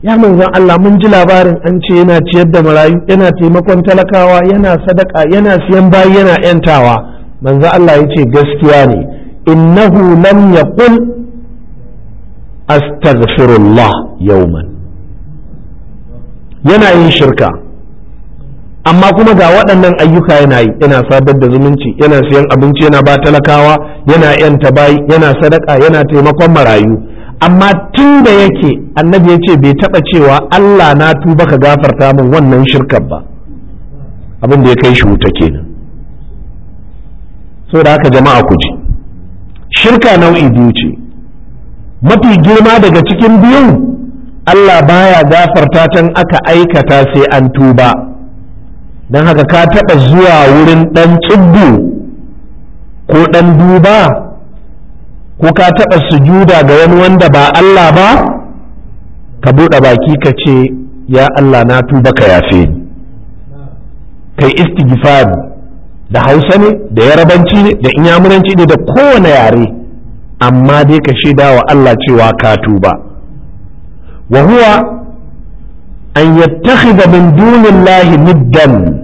ya manzan Allah mun ji labarin an ce yana ciyar da marayu yana taimakon talakawa yana sadaka yana siyan bayi yana yantawa manzan Allah ya ce gaskiya ne innahu lam yaqul astaghfirullah yawman yana yin shirka amma kuma ga waɗannan ayyuka yana yi yana sadar da zumunci yana siyan abinci yana ba talakawa yana yanta bayi yana sadaka yana taimakon marayu amma tun da yake annabi ya ce bai taɓa cewa Allah na tuba ka gafarta min wannan shirkar ba abin da ya kai shi wuta kenan so da haka jama'a ku ji shirka nau'i biyu ce mafi girma daga cikin biyun Allah baya gafarta can aka aikata sai an tuba don haka ka taɓa zuwa wurin ɗan tsibbu ko ɗan duba ko ka taɓa sujuda ga wani wanda ba Allah ba ka buɗe baki ka ce ya Allah na tuba ka yafe ni kai istighfari da hausa ne da yarabanci ne da inyamuranci ne da kowane yare amma dai ka shaida wa Allah cewa ka tuba wa huwa an yattakhidha min dunillahi niddan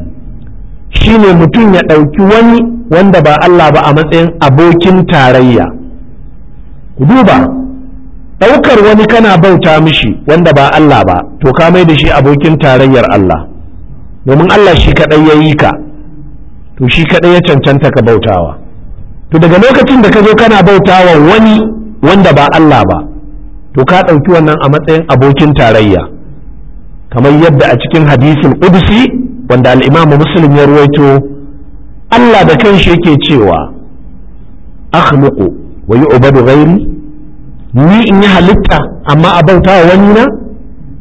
shine mutum ya ɗauki wani wanda ba Allah ba a matsayin abokin tarayya ku duba ɗaukar wani kana bauta mishi wanda ba Allah ba to ka mai da shi abokin tarayyar Allah domin Allah shi kaɗai ya yi ka to shi kaɗai ya cancanta ka bautawa to daga lokacin da ka zo kana bautawa wani wanda ba Allah ba to ka ɗauki wannan a matsayin abokin tarayya kamar yadda a cikin hadisin ƙudusi wanda al'imamu muslim ya ruwaito Allah da kanshi yake cewa akhluqu wa yu'badu ghairi ni in yi halitta amma a bauta wa wani na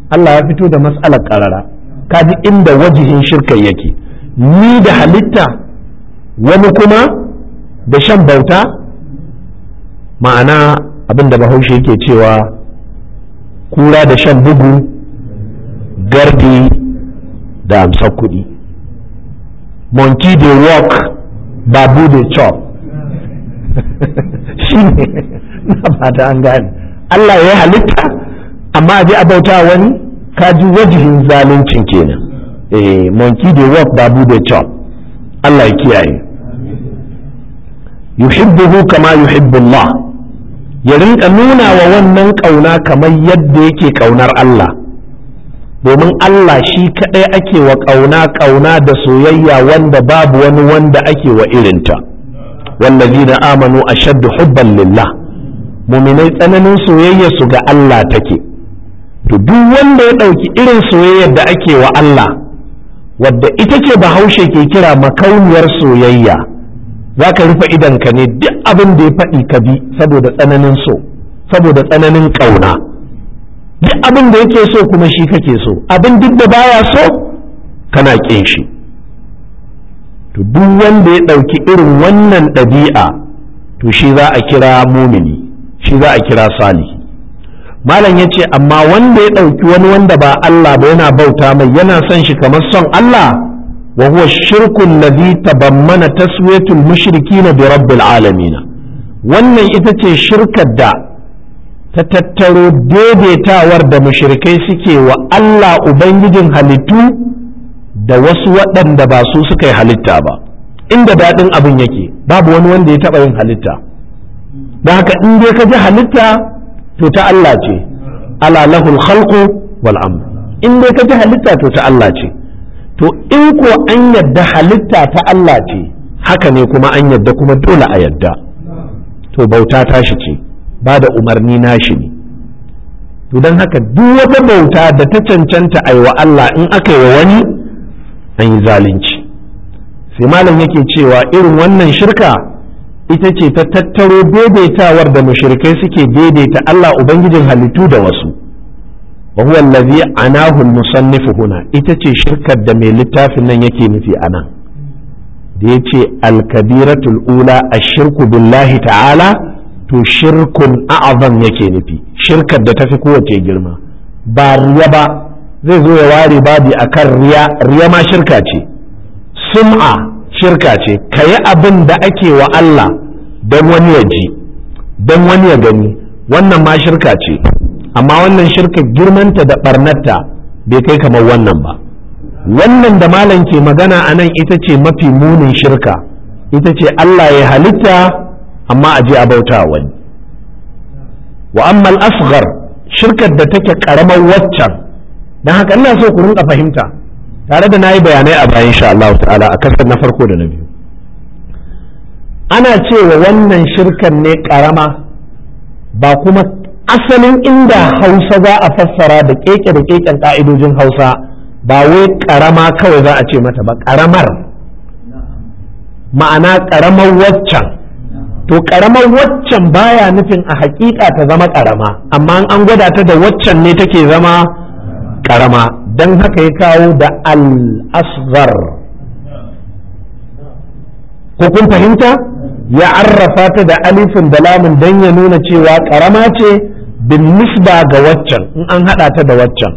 Allah ya fito da matsalar karara kaji inda wajihin shirka yake ni da halitta wani kuma da shan bauta ma'ana abin da bahaushe yake cewa kura da shan bugu gardi da amsar kuɗi monkey dey walk babu dey chop *laughs* shi ne na ta an gane Allah ya halitta amma a je a bauta wani kaji wajihin zaluncin kenan eh monkey dey walk babu dey chop Allah ya kiyaye yuhibbuhu kama yuhibbullah ya rinka nuna wa wannan kauna kamar yadda yake kaunar Allah domin Allah shi kaɗai ake wa ƙauna ƙauna da soyayya wanda babu wani wanda ake wa irinta wallazina amanu a shaddu hubban lillah muminai tsananin soyayya su ga Allah take to duk wanda ya ɗauki irin soyayya da ake wa Allah wadda ita ce bahaushe ke kira makauniyar soyayya za ka rufe idanka ne duk abin da ya faɗi ka bi saboda tsananin so saboda tsananin ƙauna duk abin da yake so kuma shi kake so abin duk da baya so kana ƙin shi to duk wanda ya ɗauki irin wannan ɗabi'a to shi za a kira mumini shi za a kira salihi malam ya ce amma wanda ya ɗauki wani wanda ba Allah ba yana bauta mai yana son shi kamar son Allah wa huwa shirkun ladhi tabammana taswiyatul mushrikina bi rabbil alamin wannan ita ce shirkar da ta tattaro daidaitawar da mushrikai suke wa Allah ubangijin halittu da wasu waɗanda ba su suka yi halitta ba inda daɗin abin yake babu wani wanda ya taɓa yin halitta da haka in dai ka ji halitta to ta Allah ce ala lahul khalqu wal amr in ka ji halitta to ta Allah ce to in ko an yadda halitta ta Allah ce haka ne kuma an yadda kuma dole a yadda to bauta tashi ce ba da umarni nashi ne to don haka duk wata bauta da ta cancanta a wa Allah in aka yi wa wani an yi zalunci sai malam yake cewa irin wannan shirka ita ce ta tattaro daidaitawar da mushrikai suke daidaita Allah ubangijin halittu da wasu wa huwa allazi anahu musannifu huna ita ce shirkar da mai littafin nan yake nufi a nan da yace ce alkabiratul ula shirku billahi ta'ala to shirkun a'azam yake nufi shirkar da tafi kowace girma ba riya ba zai zo ya ware babi akan riya riya ma shirka ce sum'a shirka ce kayi abin da ake wa Allah don wani ya ji don wani ya gani wannan ma shirka ce amma wannan shirka girmanta da barnatta bai kai kamar wannan ba wannan da malam ke magana a nan ita ce mafi munin shirka ita ce Allah ya halitta amma a je a bauta wani wa amma asghar shirkar da take karamar waccan dan haka ina so ku rinka fahimta tare da nayi bayanai a bayan insha Allah ta'ala a kasar na farko da na biyu ana cewa wannan shirkar ne karama ba kuma asalin inda Hausa za a fassara da keke da keken ka'idojin Hausa ba wai karama kawai za a ce mata ba karamar ma'ana karamar waccan to karamar waccan baya nufin a hakika ta zama karama amma an gwada ta da waccan ne take zama karama don haka ya kawo da al-asghar ko kun fahimta ya arrafa ta da alifin da lamun don ya nuna cewa karama ce bin nisba ga waccan in an hada ta da waccan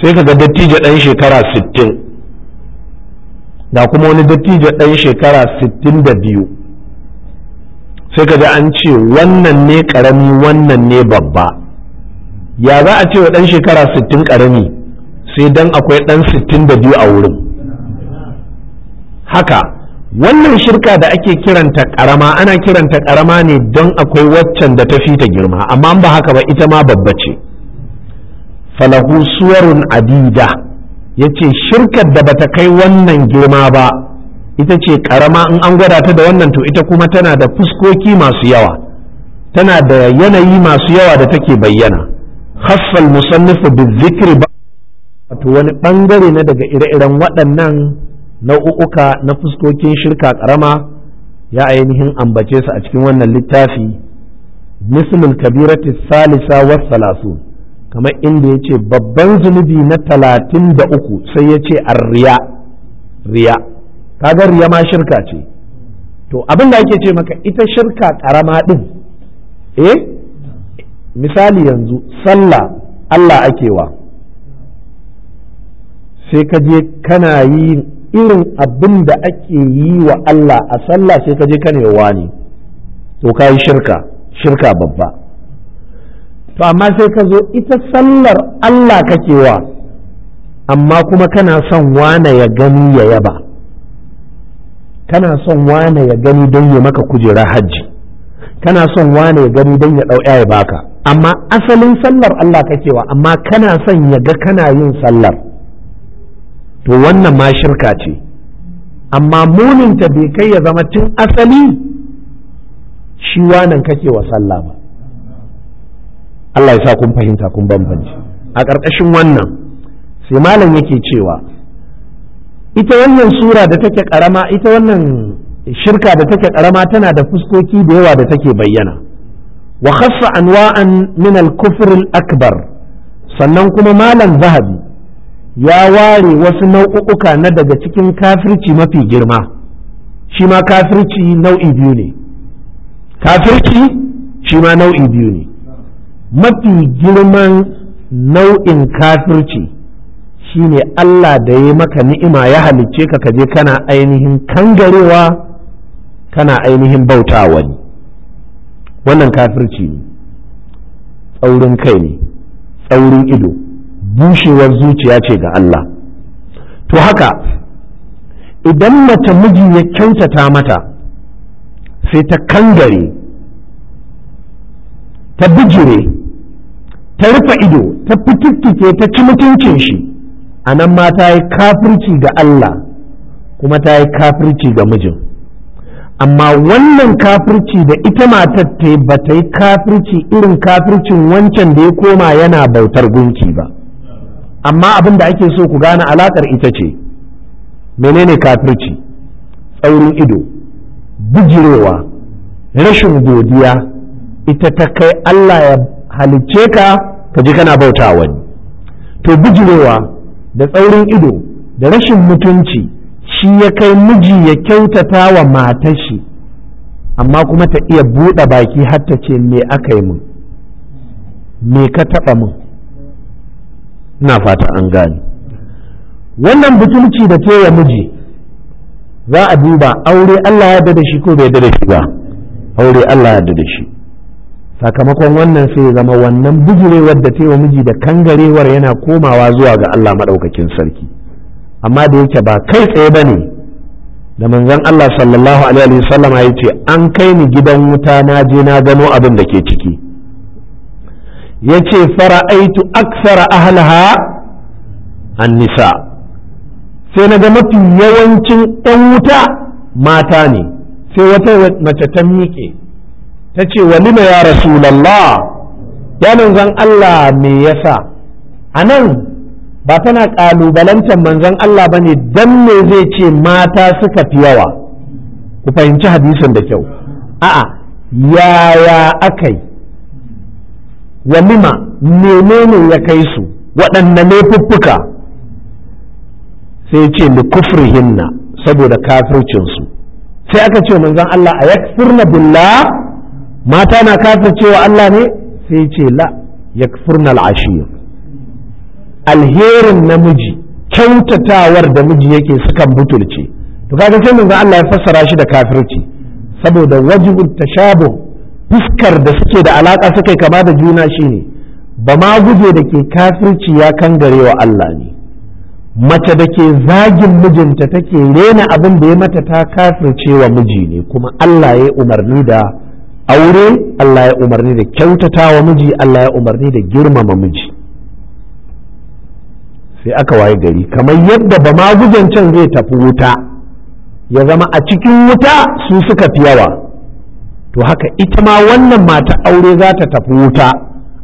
sai ka ga dattijo ɗan shekara 60 da kuma wani dattijo ɗan shekara 62 sai ka an ce wannan ne ƙarami wannan ne babba ya za a ce wa ɗan shekara sittin ƙarami sai dan akwai ɗan sittin da biyu a wurin haka wannan shirka da ake kiranta ƙarama ana kiranta ƙarama ne don akwai waccan da ta fi ta girma amma ba haka ba ita ma babba ce falahu suwarun adida ya ce shirkar da bata kai wannan girma ba ita ce karama in an gwada ta da wannan to ita kuma tana da fuskoki masu yawa tana da yanayi masu yawa da take bayyana khassal musannifu bizikri ba wato wani bangare na daga ire-iren waɗannan nau'uka na fuskokin shirka karama ya ainihin ambace su a cikin wannan littafi mislul kabirati salisa wa salasu kamar inda yace babban zunubi na talatin da uku sai yace ce riya riya kaga riya ma shirka ce to abin da ake ce maka ita shirka karama din eh misali yanzu sallah Allah wa, sai ka je kana yi irin abin da ake yi wa Allah a sallah sai ka je kana yi wani to ka yi shirka shirka babba to amma sai ka zo ita sallar Allah kake wa amma kuma kana son wane ya gani ya yaba kana son wane ya gani don ya maka kujera hajji kana son wane ya gani don ya dau ya baka amma asalin sallar Allah kake wa amma kana son ya ga kana yin sallar to wannan ma shirka ce amma muninta bai kai ya zama tun asali shi wanan kake wa sallah ba Allah ya sa kun fahimta kun bambance a ƙarƙashin wannan sai malam yake cewa ita wannan sura da take karama ita wannan shirka da take karama tana da fuskoki da yawa da take bayyana wa khassa anwa'an min al-kufr al-akbar sannan kuma malam zahabi ya ware wasu nau'uka na daga cikin kafirci mafi girma shi ma kafirci nau'i biyu ne kafirci shi ma nau'i biyu ne mafi girman nau'in kafirci Shi ne Allah da ya maka ni'ima ya halicce ka kaje kana ainihin kangarewa kana ainihin bauta wani wannan kafirci ne tsaurin kai ne tsaurin ido bushewar zuciya ce ga Allah to haka idan mace miji ya kyautata mata sai ta kangare ta bijire ta rufe ido ta fitittike ta ci mutuncin shi a nan ma ta yi kafirci ga Allah kuma ta yi kafirci ga mijin amma wannan kafirci da ita matar ta ba ta yi kafirci irin kafircin wancan da ya koma yana bautar gunki ba amma abin da ake so ku gane alakar ita ce menene kafirci tsaurin ido bijirewa rashin godiya ita ta kai Allah ya halicce ka ka ji kana bauta wani to bijirewa da tsaurin ido da rashin mutunci shi ya kai miji ya kyautata wa matashi. amma kuma ta iya buɗe baki har ta ce me aka yi min me ka taɓa min ina fata an gane wannan butulci da ta miji za a duba aure Allah ya da shi ko bai da shi ba aure Allah ya da shi sakamakon wannan sai ya zama wannan ta da wa miji da kangarewar yana komawa zuwa ga Allah maɗaukakin sarki amma da yake ba kai tsaye ba ne da manzon Allah sallallahu alaihi wasallam ya ce an kai ni gidan wuta na je na gano abin da ke ciki yace fara'aitu aksara ahlaha an-nisa sai na ga mafi yawancin ɗan wuta mata ne sai wata mace ta miƙe ta ce walima ya rasulallah ya manzan Allah me yasa a nan ba tana ƙalubalantar manzan Allah ba ne don me zai ce mata suka fi yawa ku fahimci hadisin da kyau a'a yaya akai walima menene ya kai su waɗanne laifuffuka sai ce da kufrihinna saboda kafircinsu sai aka ce manzan Allah a yakfirna billah mata na kafir cewa Allah ne sai ce la yakfurna al'ashir alherin namiji kyautatawar da miji yake sukan butulce to kaga sai manzo Allah ya fassara shi da kafirci saboda wajibul tashabu fuskar da suke da alaka suka kama da juna shine ba ma guje da ke kafirci ya kangarewa Allah ne mace da ke zagin mijinta take rena abin da ya mata ta kafirce wa miji ne kuma Allah ya umarni da aure Allah ya umarni da kyautata wa miji Allah ya umarni da girmama miji sai aka waye gari kamar yadda ba ma can zai tafi wuta ya zama a cikin wuta su suka fi yawa to haka ita ma wannan mata aure za ta tafi wuta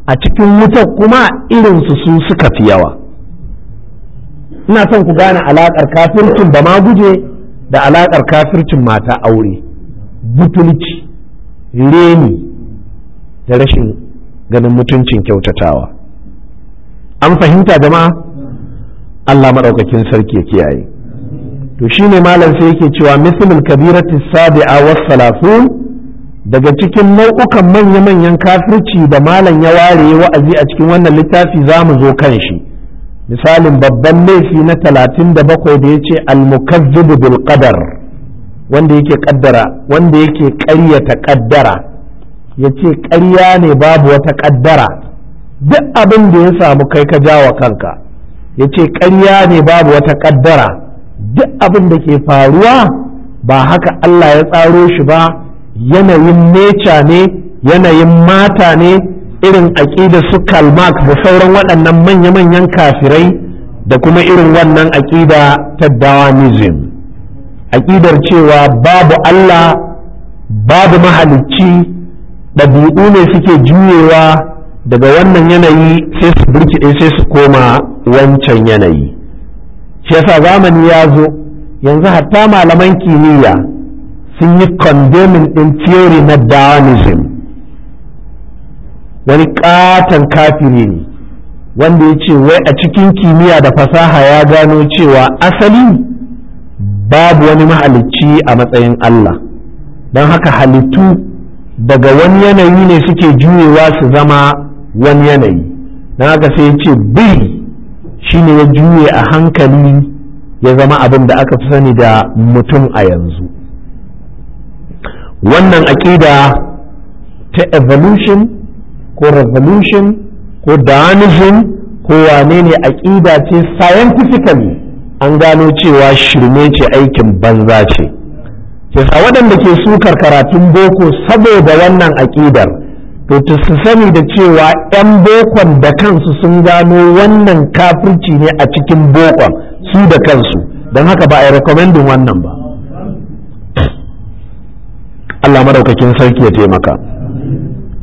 a cikin wuta kuma irinsu su suka fi yawa ina son ku gane alaƙar kafircin ba ma guje da alaƙar kafircin mata aure butulci reni da rashin ganin mutuncin kyautatawa an fahimta jama'a Allah maɗaukakin sarki ya kiyaye to shine malam sai yake cewa mislul kabiratu sabi'a was salafun daga cikin nau'ukan manya-manyan kafirci da malam ya ware wa'azi a cikin wannan littafi za mu zo kan shi misalin babban laifi na talatin da bakwai da ya ce mukazzibu bil qadar wanda yake kaddara wanda yake ƙaryata kaddara ya ce ƙarya ne babu wata kaddara duk abin da ya samu kai ka jawa kanka ya ce ƙarya ne babu wata kaddara duk abin da ke faruwa ba haka Allah ya tsaro shi ba yanayin meca ne yanayin mata ne irin aƙida su kalmak da sauran waɗannan manya-manyan kafirai da kuma irin wannan aƙida ta dawanism aƙidar cewa babu Allah babu mahalicci ɗabi'u ne suke juyewa daga wannan yanayi sai su birkiɗe sai su koma wancan yanayi shi yasa zamani ya zo yanzu hatta malaman kimiyya sun yi condemning ɗin theory na Darwinism wani ƙaton kafiri ne wanda ya ce wai a cikin kimiyya da fasaha ya gano cewa asali babu wani mahalicci a matsayin Allah don haka halittu daga wani yanayi ne suke juyewa su zama wani yanayi don haka sai ce biri shine ya juye a hankali ya zama abin da aka fi sani da mutum a yanzu wannan aƙida ta evolution ko revolution ko darwinism ko wane ne aƙida ce scientifically an gano cewa shirme ce aikin banza ce yasa waɗanda ke sukar karatun boko saboda wannan aƙidar to su sani da cewa 'yan bokon da kansu sun gano wannan kafirci ne a cikin bokon su da kansu don haka ba a yi rekomendin wannan ba Allah maraukakin sarki ya taimaka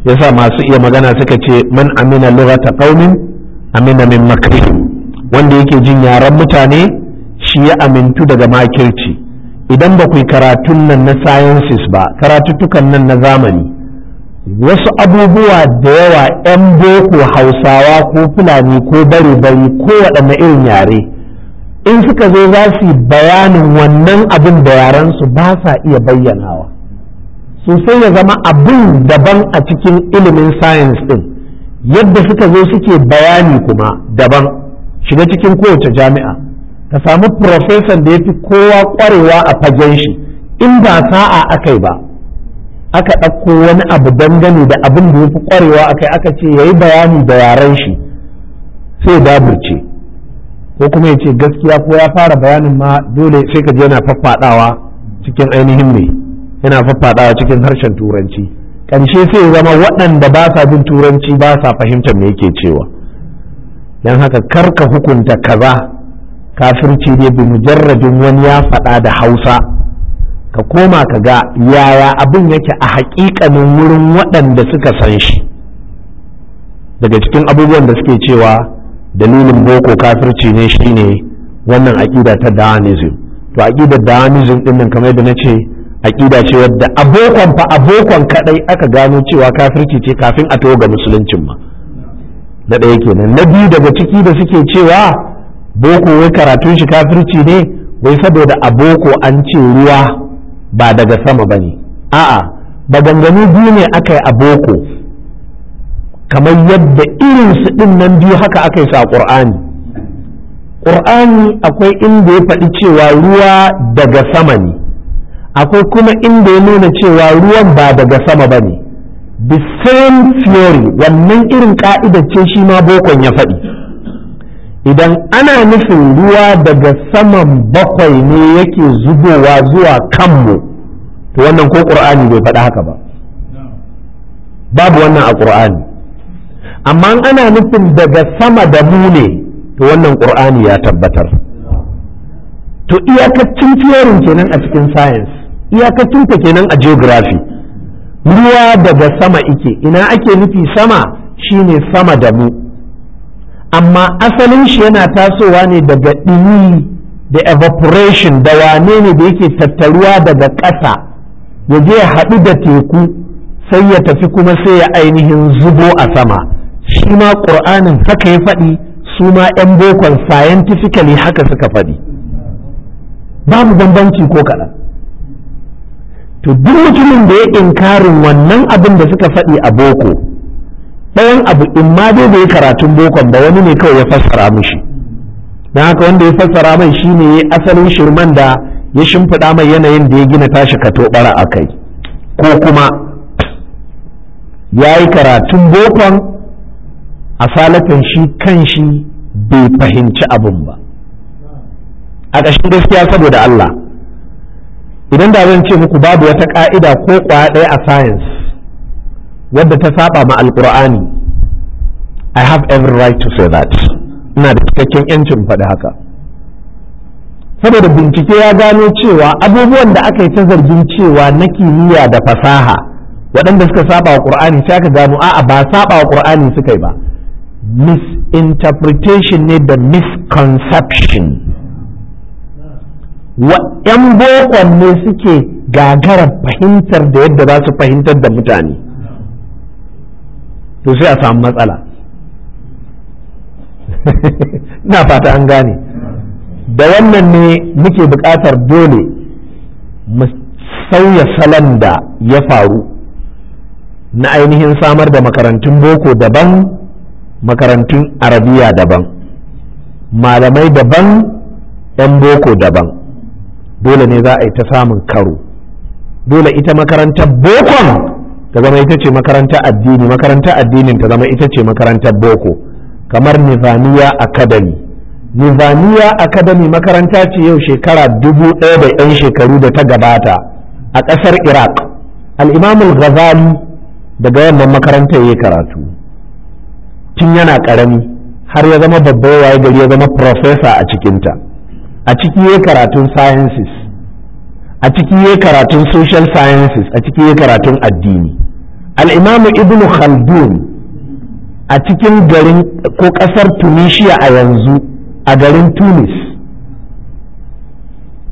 yasa masu iya magana suka ce man amina lura ta amina min makrihim wanda yake jin yaren mutane shi ya amintu daga makirci idan ba ku yi karatun nan na sciences ba karatuttukan nan na zamani wasu abubuwa da yawa 'yan boko hausawa ko fulani ko Bari-bari ko waɗanne irin yare in suka zo za su yi bayanin wannan abin da yarensu ba sa iya bayyanawa sosai ya zama abin daban a cikin ilimin science ɗin yadda suka zo suke bayani kuma daban shiga cikin kowace jami'a ka samu profesan da ya fi kowa kwarewa a fagen shi in ba sa'a akai ba aka ɗauko wani abu dangane da abin da ya fi kwarewa akai aka ce ya yi bayani da yaren shi sai daburce ko kuma ya ce gaskiya ko ya fara bayanin ma dole sai ka je yana faffaɗawa cikin ainihin mai yana faffaɗawa cikin harshen turanci ƙarshe sai zama waɗanda ba sa bin turanci ba sa fahimtar me yake cewa don haka kar ka hukunta kaza kafirci ne bi mujarradin wani ya faɗa da hausa ka koma ka ga yaya abin yake a haƙiƙanin wurin waɗanda suka san shi daga cikin abubuwan da suke cewa dalilin boko kafirci ne shine wannan aƙida ta danism to aƙidar danism ɗin nan kamar yadda na ce aƙida ce wadda abokon fa abokon kaɗai aka gano cewa kafirci ce kafin a taho ga musuluncin ma na ɗaya kenan na biyu daga ciki da suke cewa boko wai karatun shi kafirci ne wai saboda a boko an ce ruwa ba daga sama ba ne a'a baganganu biyu ne aka yi a boko kamar yadda irinsu ɗin nan biyu haka aka yi su a ƙur'ani ƙur'ani akwai inda ya faɗi cewa ruwa daga sama ne akwai kuma inda ya nuna cewa ruwan ba daga sama ba ne the same theory wannan irin ka'idar ce shi ma bokon ya faɗi idan ana nufin ruwa daga saman bakwai ne yake zubowa zuwa kanmu to wannan ko ƙur'ani bai faɗi haka ba babu wannan a ƙur'ani amma ana nufin daga sama da mu ne to wannan ƙur'ani ya tabbatar to iyakacin theory kenan a cikin science iyakacin ta kenan a geography ruwa daga sama ike ina ake nufi sama shine sama da mu amma asalin shi yana tasowa ne daga ɗumi da evaporation da wane ne da yake tattaruwa daga ƙasa ya je ya haɗu da teku sai ya tafi kuma sai ya ainihin zubo a sama shi ma ƙur'anin haka ya faɗi su ma 'yan bokon scientifically haka suka faɗi babu bambanci ko kaɗan to duk mutumin da ya inkarin wannan abin da suka faɗi a boko ɗayan abu in ma dai bai karatun bokon ba wani ne kawai ya fassara mishi don haka wanda ya fassara mai shine ya asalin shirman da ya shimfiɗa mai yanayin da ya gina tashi katobara a kai ko kuma ya yi karatun bokon a salatan shi kan shi bai fahimci abin ba a ƙashin gaskiya saboda Allah idan da zan ce muku babu wata ƙa'ida ko ƙwaya ɗaya a science wadda ta saba ma alkur'ani i have every right to say that ina da cikakken yancin faɗi haka saboda bincike ya gano cewa abubuwan da aka yi ta zargin cewa na kimiyya da fasaha waɗanda suka saba wa ƙur'ani sai aka gano a'a ba saba wa ƙur'ani suka yi ba misinterpretation ne da misconception yan bokon ne suke gagara fahimtar da yadda za su fahimtar da mutane to sai a samu matsala na fata an gane da wannan ne muke bukatar dole mu sauya salon da ya faru na ainihin samar da makarantun boko daban makarantun arabiya daban malamai daban 'yan boko daban dole ne za a yi ta samun karo dole ita makarantar bokon ta zama ita ce makarantar addini makaranta addinin ta zama ita ce makarantar boko kamar nizamiya akadami nizamiya akadami makaranta ce yau shekara dubu ɗaya da yan shekaru da ta gabata a ƙasar iraq al'imamul ghazali daga yamman makarantar ya karatu tun yana ƙarami har ya zama babbar waye gari ya zama profesa a cikinta a ciki ya karatun sciences a ciki ya karatun social sciences a ciki ya karatun addini al'imamu ibn khaldun a cikin garin ko ƙasar tunisia a yanzu a garin tunis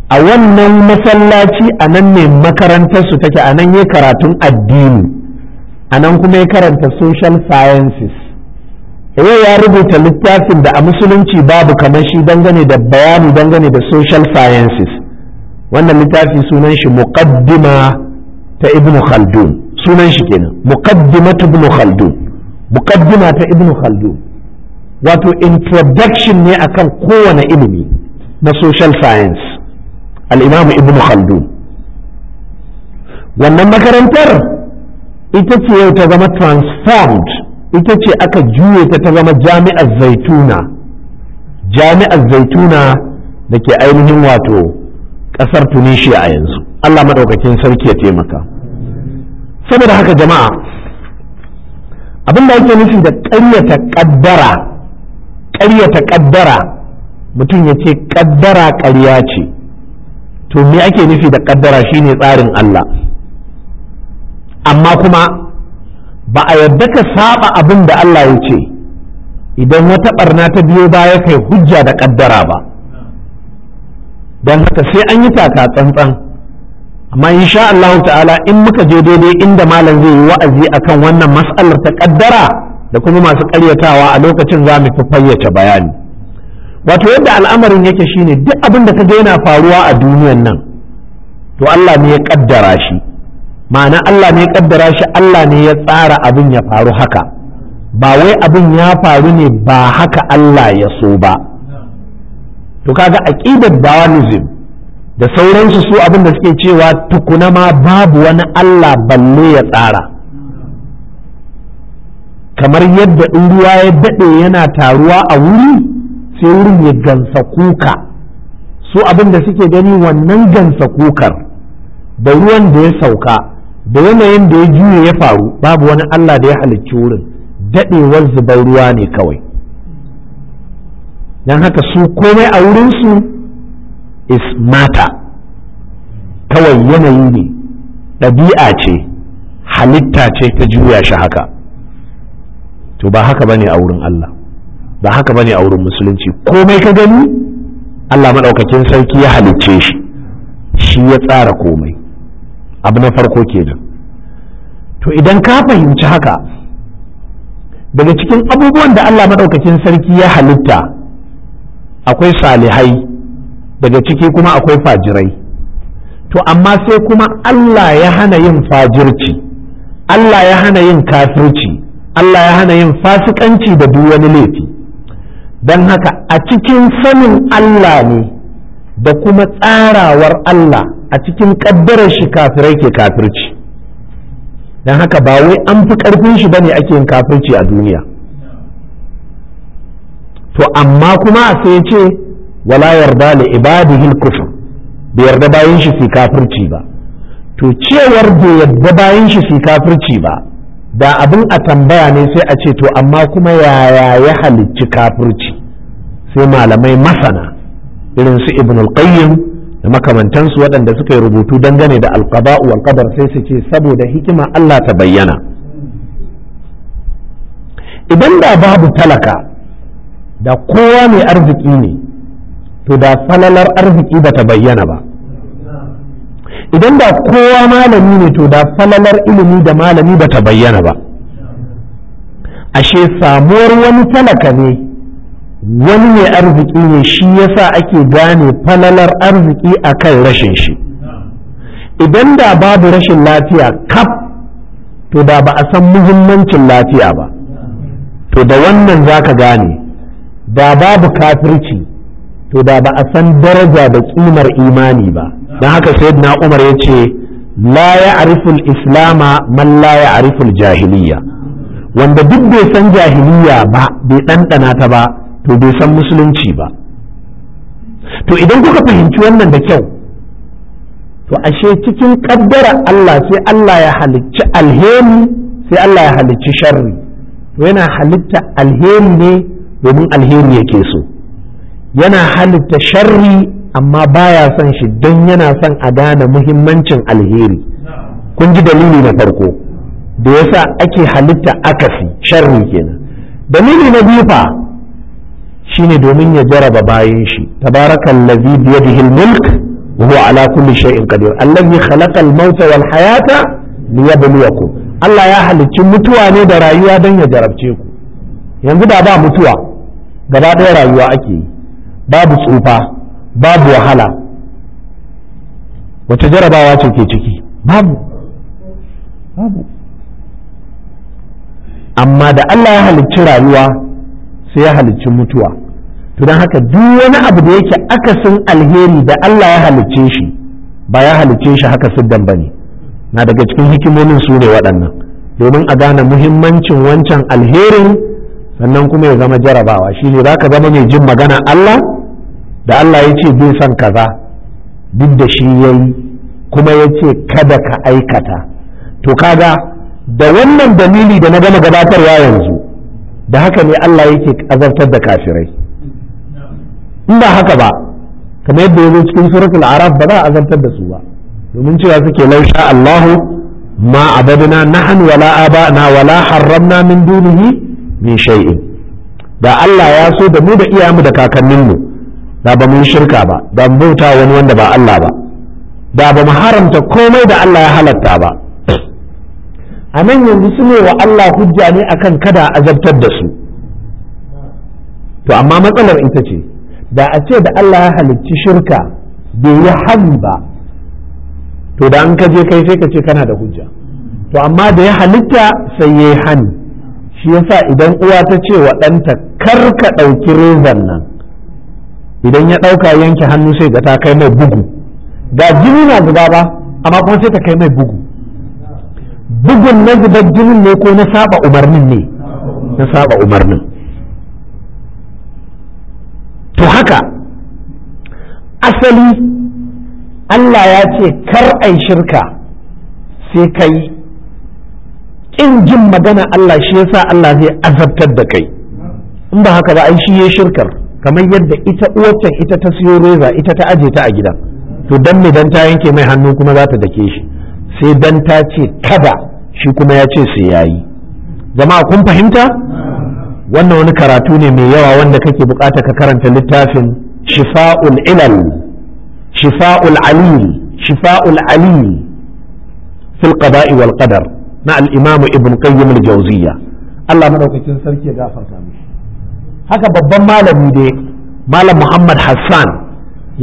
a wannan masallaci a nan ne makarantarsu take a nan ya karatun addini a nan kuma ya karanta social sciences eh, yau ya rubuta littafin da a musulunci babu kamar shi dangane da bayani dangane da social sciences wannan littafi sunan shi muqaddima ta ibn khaldun sunan shi kenan muqaddimat ibn khaldun muqaddima ta ibn khaldun wato introduction ne akan kowane ilimi na social science al-imam ibn khaldun wannan makarantar ita ce yau ta zama transformed ita ce aka juye ta ta zama jami'ar zaituna jami'ar zaituna da ke ainihin wato ƙasar tunisia a yanzu allah maɗaukakin sarki ya taimaka saboda haka jama'a abin da ake nufi da ƙaryata ƙaddara ƙaryata ƙaddara mutum ya ce ƙaddara ƙarya ce to me ake nufi da ƙaddara shine tsarin Allah amma kuma ba a yarda ka saba abin da Allah ya ce idan wata barna ta biyo baya kai hujja da ƙaddara ba don haka sai an yi taka tsantsan amma sha Allah ta'ala in muka je daidai inda malam zai yi wa'azi akan wannan mas'alar ta kaddara da kuma masu karyatawa a lokacin za mu fi fayyace bayani wato yadda al'amarin yake shine duk abin da kaga yana faruwa a duniyan nan to Allah ne ya kaddara shi ma'ana Allah ne ya kaddara shi Allah ne ya tsara abin ya faru haka ba wai abin ya faru ne ba haka Allah ya so ba to kaga aqidat dawanism da sauransu su abin da suke cewa tukuna ma babu wani Allah balle ya tsara kamar yadda in ruwa ya daɗe yana taruwa a wuri sai wurin ya gansa kuka su abin da suke gani wannan gansa kukar da ruwan da ya sauka da yanayin da ya juye ya faru babu wani Allah da ya halicci wurin daɗewar zubar ruwa ne kawai don haka su komai a wurinsu is kawai yanayi ne ɗabi'a ce halitta ce ta juya shi haka to ba haka ba ne a wurin Allah ba haka ba ne a wurin musulunci komai ka gani Allah maɗaukakin sarki ya halicce shi shi ya tsara komai abu na farko kenan to idan ka fahimci haka daga cikin abubuwan da Allah maɗaukakin sarki ya halitta akwai salihai daga ciki kuma akwai fajirai to amma sai kuma Allah ya hana yin fajirci Allah ya hana yin kafirci Allah ya hana yin fasikanci da duk wani laifi don haka a cikin sanin Allah ne da kuma tsarawar Allah a cikin ƙaddarar shi kafirai ke kafirci don haka ba wai an fi ƙarfin shi bane ake yin kafirci a duniya to amma kuma sai ya ce wala yarda li ibadihi al-kufr bai yarda bayan shi su kafirci ba to cewar bai yarda bayan shi su kafirci ba da abin a tambaya ne sai a ce to amma kuma yaya ya halicci kafirci sai malamai masana irin su ibn al-qayyim da makamantansu waɗanda suka yi rubutu dangane da alqaba'u wal qadar sai su ce saboda hikima Allah ta bayyana idan da babu talaka da kowa mai arziki ne to da falalar arziki ba ta bayyana ba idan da kowa malami ne to da falalar ilimi da malami ba ta bayyana ba ashe samuwar wani talaka ne wani mai arziki ne shi yasa ake gane falalar arziki a kan rashin shi idan da babu rashin lafiya kaf to da ba a san muhimmancin lafiya ba to da wannan za ka gane da babu kafirci to da ba a san daraja da kimar imani ba don haka sayyidina umar ya ce la ya'rifu islama man la ya'rifu al-jahiliya wanda duk bai san jahiliya ba bai ɗanɗana ta ba to bai san musulunci ba to idan kuka fahimci wannan da kyau to ashe cikin ƙaddara Allah sai Allah ya halicci alheri sai Allah ya halicci sharri to yana halitta alheri ne domin alheri yake so yana halitta sharri amma baya son shi don yana son a gane muhimmancin alheri kun ji dalili na farko da yasa ake halitta akasi sharri kenan dalili na biyu fa shine domin ya jarraba bayan shi tabarakallazi biyadihi almulk wa huwa ala kulli shay'in qadir allazi khalaqa al-mauta wal hayata liyabluwakum Allah ya halicci mutuwa ne da rayuwa don ya jarabce ku yanzu da ba mutuwa gaba ɗaya rayuwa ake yi babu tsufa babu wahala wace jarabawa ce ke ciki babu babu amma da Allah ya halicci rayuwa sai ya halicci mutuwa to don haka duk wani abu da yake akasin alheri da Allah ya halicce shi ba ya halicce shi haka siddan bane na daga cikin hikimomin su ne waɗannan domin a gane muhimmancin wancan alherin sannan kuma ya zama jarabawa shi ne za ka zama mai jin magana Allah da Allah ya ce bai son kaza duk da shi ya yi kuma ya ce kada ka aikata to kaga da wannan dalili da na gama gabatarwa yanzu da haka ne Allah yake azabtar da kafirai in ba haka ba kamar yadda ya zo cikin suratul araf ba za a azartar da su ba domin cewa suke lausha Allahu ما عبدنا نحن ba آباءنا wala حرمنا min دونه min شيء da Allah ya so da mu da iyamu da kakanninmu da ba mun shirka ba da bauta wani wanda ba Allah ba da ba mu haramta komai da Allah ya halatta ba a nan yanzu sune wa Allah hujja ne akan kada azabtar da su to amma matsalar ita ce da a ce da Allah ya halicci shirka bai yi hali ba to da an kaje kai sai ka ce kana da hujja to amma da ya halitta sai ya yi hani shi yasa idan uwa ta ce wa ɗanta kar ka ɗauki rezan nan idan ya ɗauka yanke hannu sai ga ta kai mai bugu ga jini na zuba ba amma kuma sai ta kai mai bugu bugun na zubar jinin ne ko na saba umarnin ne na saba umarnin to haka asali Allah ya ce kar ai shirka sai kai ƙin jin magana Allah shi yasa Allah zai azabtar da kai in ba haka ba ai shi ya shirkar kamar yadda ita ita ta siyo reza ita ta aje ta a gidan to dan me dan ta yanke mai hannu kuma za ta dake shi sai dan ta ce kada shi kuma ya ce sai yayi jama'a kun fahimta wannan wani karatu ne mai yawa wanda kake bukata ka karanta littafin shifa'ul ilal shifa'ul alil shifa'ul alil fil qada'i wal qadar na al-imam ibn qayyim al-jawziyya Allah madaukakin sarki ya gafarta haka babban malami dai malam muhammad hassan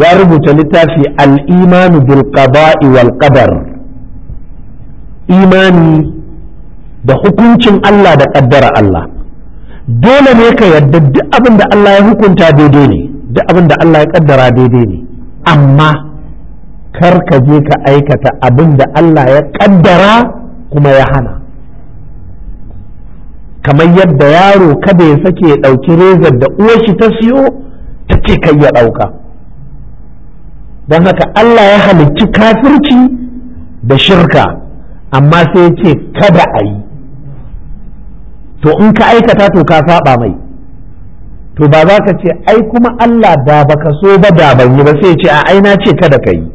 ya rubuta littafi al'imanu bil qada'i wal qadar imani da hukuncin Allah da ƙaddara Allah dole ne ka yarda duk abin da Allah ya hukunta daidai ne duk abin da Allah ya ƙaddara daidai ne amma kar ka je ka aikata abin da Allah ya ƙaddara kuma ya hana kamar yadda yaro kada ya sake ya ɗauki rezar da uwar shi ta siyo ta ce kai ya ɗauka don haka Allah ya halicci kafirci da shirka amma sai ya ce kada a yi to in ka aikata to ka saba mai to ba za ka ce ai kuma Allah da baka so ba da ban yi ba sai ya ce a aina ce kada ka yi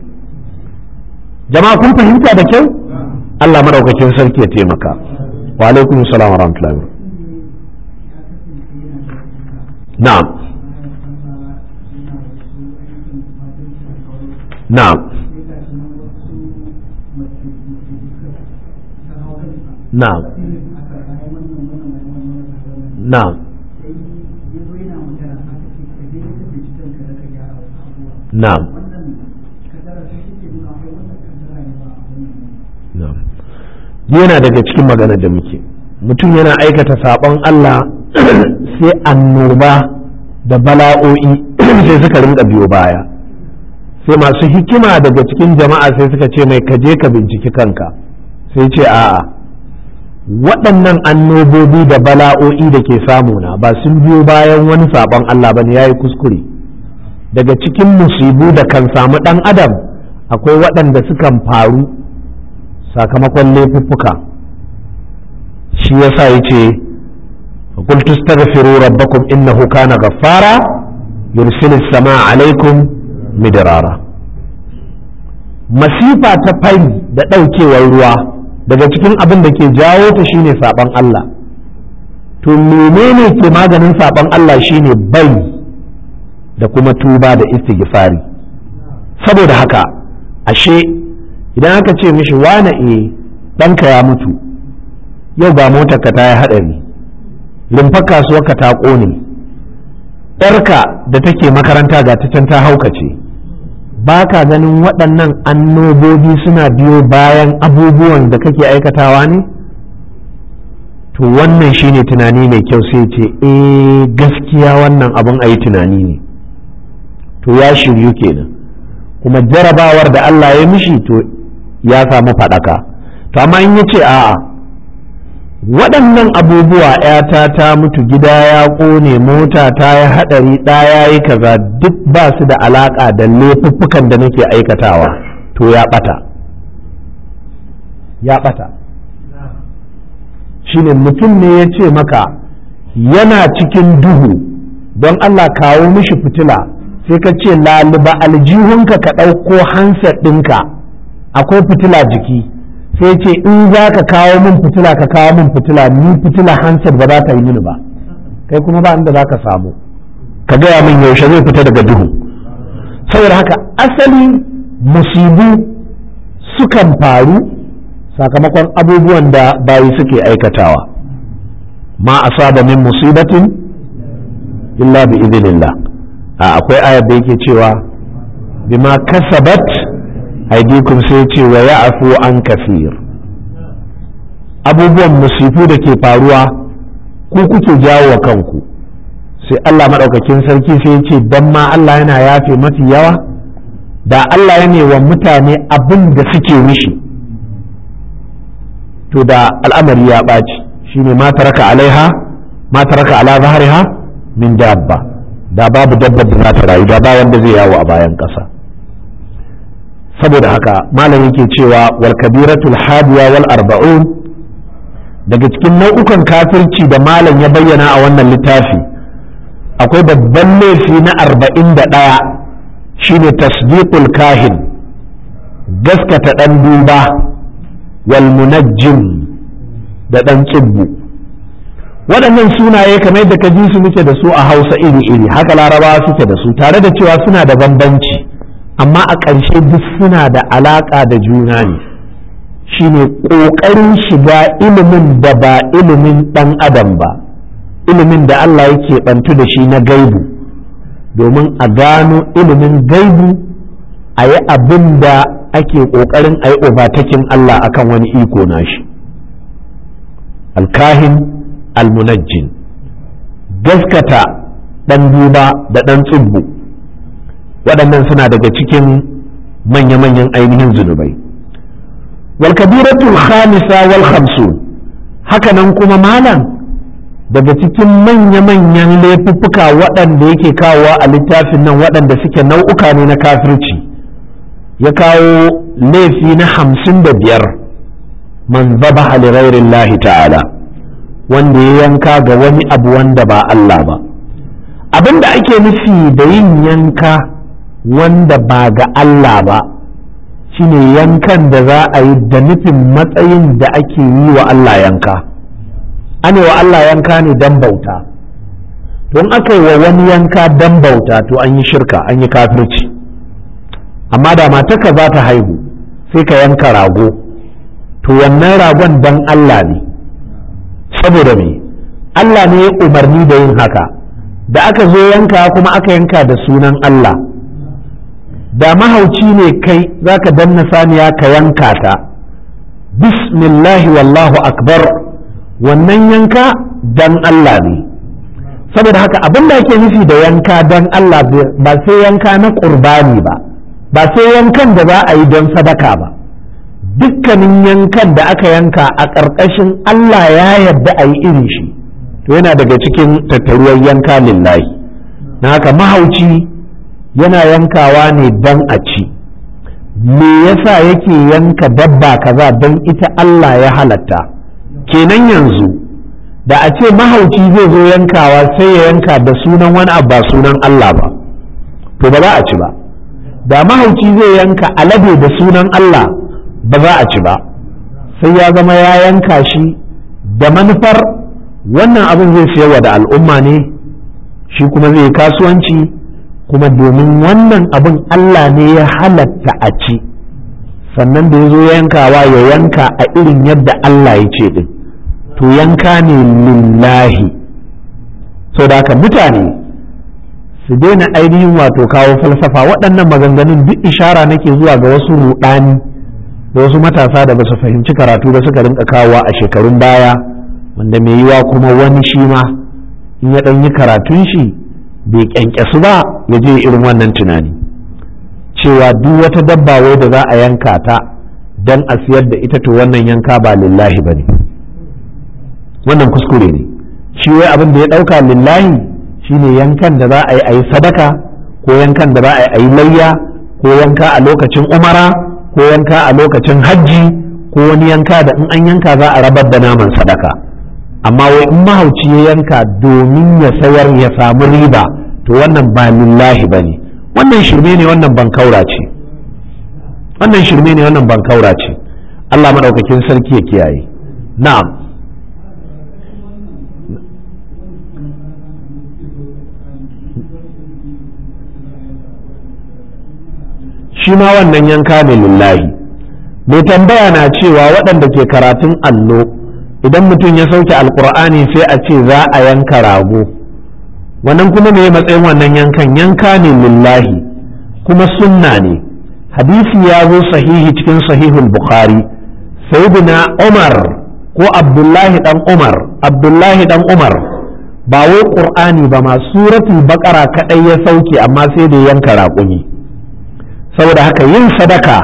jama'a kun fahimta da kyau Allah maraukakin sarki ya taimaka wa alaikum salam wa rahmatullahi نعم نعم نعم نعم نعم yana daga cikin magana da muke mutum yana aikata saɓon Allah sai annoba da bala'o'i sai suka rinka biyo baya sai masu hikima daga cikin jama'a sai suka ce mai kaje ka binciki kanka sai ce a'a waɗannan annobobi da bala'o'i da ke samuna ba sun biyo bayan wani saɓon Allah ba ne ya yi kuskure daga cikin musibu da kan samu ɗan adam akwai waɗanda sukan faru sakamakon laifuffuka shi yasa ya ce فقلت استغفروا ربكم إنه كان غفارا يرسل السماء عليكم مدرارا masifa ta fari da ɗaukewar ruwa daga cikin abin da ke jawo ta shine saɓon Allah to menene ke maganin saɓon Allah shine bai da kuma tuba da istighfari saboda haka ashe idan aka ce mishi wane e ɗanka ya mutu yau ba motarka ta yi haɗari rumfar kasuwar ka ta ƙone ƴarka da take makaranta ga ta can ta haukace ba ka ganin waɗannan annobobi suna biyo bayan abubuwan da kake aikatawa ne to wannan shine tunani mai kyau sai ce eh gaskiya wannan abin a yi tunani ne to ya shiryu kenan kuma jarabawar da Allah ya mishi to ya samu faɗaka to amma in ya ce a'a waɗannan abubuwa ‘yata ta mutu gida ya ƙone mota ta yi haɗari ɗaya yi kaza duk ba su da alaƙa da laifuffukan da nake aikatawa to ya ɓata ya ɓata ne mutum ne ya ce maka yana cikin duhu don Allah kawo mishi fitila sai ka ce laluba aljihunka ka ɗauko hansa ɗinka akwai fitila jiki sai ce in za ka kawo min fitila ka kawo min fitila ni fitila hansar ba za ta yi mini ba kai kuma ba inda za ka samu ka gaya min yaushe zai fita daga duhu saboda haka asali musibu sukan faru sakamakon abubuwan da bayi suke aikatawa ma asaba min musibatin illa bi idinillah akwai ayar da yake cewa bima kasabat aidikum sai ce wa afu an kafir abubuwan musifu da ke faruwa ku kuke jawo wa kanku sai Allah maɗaukakin sarki sai ce dan ma Allah yana yafe mafi yawa da Allah ya ne wa mutane abin da suke mishi to da al'amari ya ɓaci shine ma taraka alaiha ma taraka ala zahariha min dabba da babu dabba da za ta rayu da ba wanda zai yawo a bayan ƙasa saboda haka malam yake cewa wal kabiratul hadiya wal arba'un daga cikin nau'ukan kafirci da malam ya bayyana a wannan littafi akwai babban laifi na arba'in da ɗaya shine tasdiqul kahin gaskata ɗan duba wal munajjim da ɗan tsibbu waɗannan sunaye kamar da ka ji su muke da su a hausa iri-iri haka larabawa suke da su tare da cewa suna da bambanci amma a ƙarshe duk suna da alaƙa da juna ne shi ne ƙoƙarin shiga ilimin da ba ilimin ɗan adam ba ilimin da Allah yake ɓantu da shi na gaibu domin a gano ilimin gaibu a yi abin da ake ƙoƙarin a yi obatakin Allah akan wani iko na shi. alkahin almunajjin gaskata ɗan duba da ɗan tsubbu waɗannan suna daga cikin manya-manyan ainihin zunubai wal kabiratul khamisa wal khamsun hakanan kuma malam daga cikin manya-manyan laifuffuka waɗanda yake kawowa a littafin nan waɗanda suke nau'uka ne na kafirci ya kawo laifi na hamsin da biyar man zaba halirairin lahi ta'ala wanda ya yanka ga wani abu wanda ba Allah ba abin da ake nufi da yin yanka wanda ba ga Allah ba shine yankan da za a yi da nufin matsayin da ake yi wa Allah yanka ane wa Allah yanka ne don bauta don aka yi wa wani yanka dan bauta to an yi shirka an yi kafirci amma da mataka za ta haihu sai ka yanka rago to wannan ragon dan Allah ne saboda me Allah ne ya umarni da yin haka da aka zo yanka kuma aka yanka da sunan Allah da mahauci ne kai za zaka danna saniya ka yanka ta bismillahi wallahu akbar wannan yanka dan Allah ne saboda haka abin da ake nufi da yanka dan Allah ba sai yanka na ƙurbani ba ba sai yankan da za a yi don sadaka ba dukkanin yankan da aka yanka a ƙarƙashin Allah ya yarda a yi irin shi to yana daga cikin tattaruwar yanka lillahi na haka mahauci yana yankawa ne don a ci me yasa yake yanka dabba kaza don ita Allah ya halatta kenan yanzu da a ce mahauci zai zo yankawa sai ya yanka da sunan wani abu ba sunan Allah ba to ba za a ci ba da mahauci zai yanka alade da sunan Allah ba za a ci ba sai ya zama ya yanka shi da manufar wannan abin zai siyarwa da al'umma ne shi kuma zai kasuwanci kuma domin wannan abin Allah ne ya halatta a ci sannan da ya zo yankawa ya yanka a irin yadda Allah ya ce din to yanka ne lillahi sau da haka mutane su daina ainihin wato kawo falsafa waɗannan maganganun duk ishara nake zuwa ga wasu ruɗani da wasu matasa da ba su fahimci karatu da suka rinka kawowa a shekarun baya wanda mai yiwa kuma wani shi ma in ya ɗan yi karatun shi bai kyankyasu ba ya je irin wannan tunani cewa duk wata dabba wai da za a yanka ta don a siyar da ita to wannan yanka ba lillahi ba ne wannan kuskure ne shi wai abin da ya ɗauka lillahi shine yankan da za a yi a yi sadaka ko yankan da za a yi a yi layya ko yanka a lokacin umara ko yanka a lokacin hajji ko wani yanka da in an yanka za a rabar da naman sadaka amma wai in mahauci ya yanka domin ya sayar ya samu riba to wannan ba lillahi ba ne wannan shirme ne wannan bankaura ce wannan shirme ne wannan kaura ce Allah maɗaukakin sarki ya kiyaye na'am shi ma wannan yanka ne lillahi mai tambaya na cewa waɗanda ke karatun allo idan mutum ya sauke alkur'ani sai a ce za a yanka rago wannan kuma me matsayin wannan yankan yanka ne lillahi kuma sunna ne hadisi ya zo sahihi cikin sahihul bukhari sayyidina umar ko abdullahi dan umar abdullahi dan umar ba wai qur'ani ba ma suratul baqara kadai ya sauke amma sai da yanka raƙumi saboda haka yin sadaka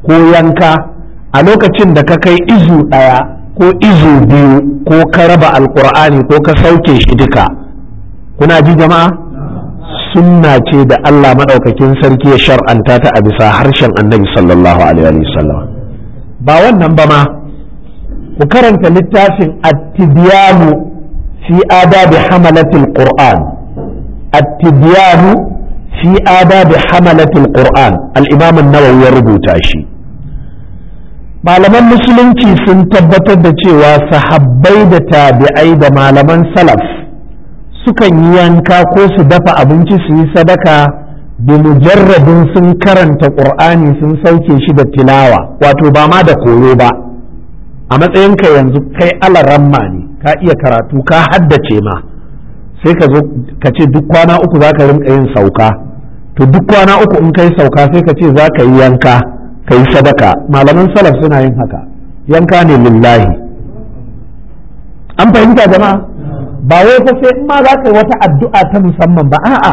ko yanka a lokacin da ka kai izu ɗaya ko izo biyu ko ka raba alkur'ani ko ka sauke shi duka kuna ji jama'a sunna ce da Allah maɗaukakin sarki ya shar'anta ta a bisa harshen annabi sallallahu alaihi wasallam ba wannan ba ma ku karanta littafin at-tibyanu fi adabi hamalatil qur'an at-tibyanu fi adabi hamalatil qur'an al-imam an-nawawi ya rubuta shi malaman musulunci sun tabbatar da cewa sahabbai da tabi'ai da malaman salaf sukan yi yanka ko su dafa abinci su yi sadaka bi mujarrabin sun karanta ƙur'ani sun sauke shi da tilawa wato ba ma da koyo ba a matsayinka yanzu kai alaramma ne ka iya karatu ka haddace ma sai ka zo ka ce duk kwana uku za ka rinka yin sauka to duk kwana uku in kai sauka sai ka ce za ka yi yanka ka yi sadaka malaman salaf suna yin haka yanka ne lillahi an fahimta jama'a ba wai fa sai in ma za ka yi wata addu'a ta musamman ba a'a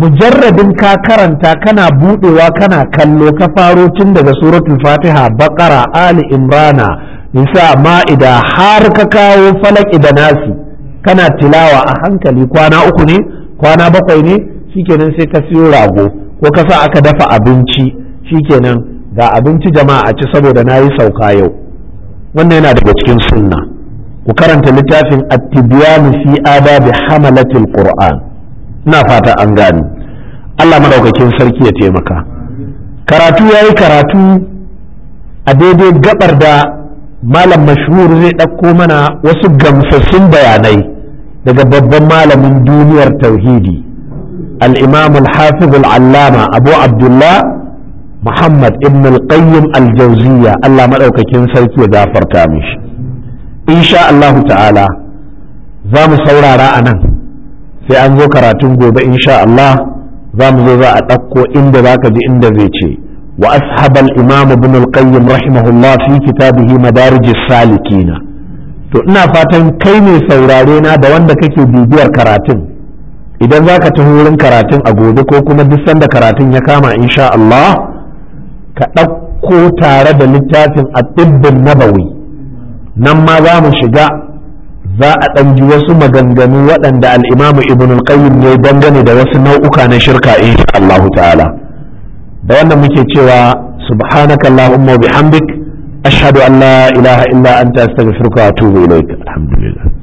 mujarradin ka karanta kana budewa kana kallo ka faro tun daga suratul fatiha baqara ali imrana nisa ma'ida har ka kawo falaki da nasi kana tilawa a hankali kwana uku ne kwana bakwai ne shikenan sai ka siyo rago ko ka sa aka dafa abinci shikenan ga abinci jama'a a ci saboda na yi sauka yau wannan yana daga cikin sunna ku karanta littafin at-tibyanu fi adabi hamalatil qur'an ina fata an gani Allah madaukakin sarki ya taimaka karatu yayi karatu a daidai gabar da malam mashhur zai ɗauko mana wasu gamsassun bayanai daga babban malamin duniyar tauhidi al-imam al-hafiz al-allama abu abdullah Muhammad ibn al-Qayyim al-Jawziyya Allah madaukakin sarki ya gafarta mishi insha Allah ta'ala za mu saurara a nan sai an zo karatun gobe insha Allah za mu zo za a ɗauko inda za ji inda zai ce wa ashabal imam ibn al-qayyim rahimahullah fi kitabihi madarij as-salikin to ina fatan kai ne saurare na da wanda kake bibiyar karatun idan za ka taho wurin karatun a gobe ko kuma duk sanda karatun ya kama insha Allah ka ɗauko tare da littafin a ɗibbin nabawi nan ma za mu shiga za a ɗanji wasu maganganu waɗanda al'imamu ibn al-qayyim ne dangane da wasu nau'uka na shirka insha Allahu ta'ala da wannan muke cewa subhanaka allahumma bihamdik ashhadu an la ilaha illa anta astaghfiruka wa atubu ilaik alhamdulillah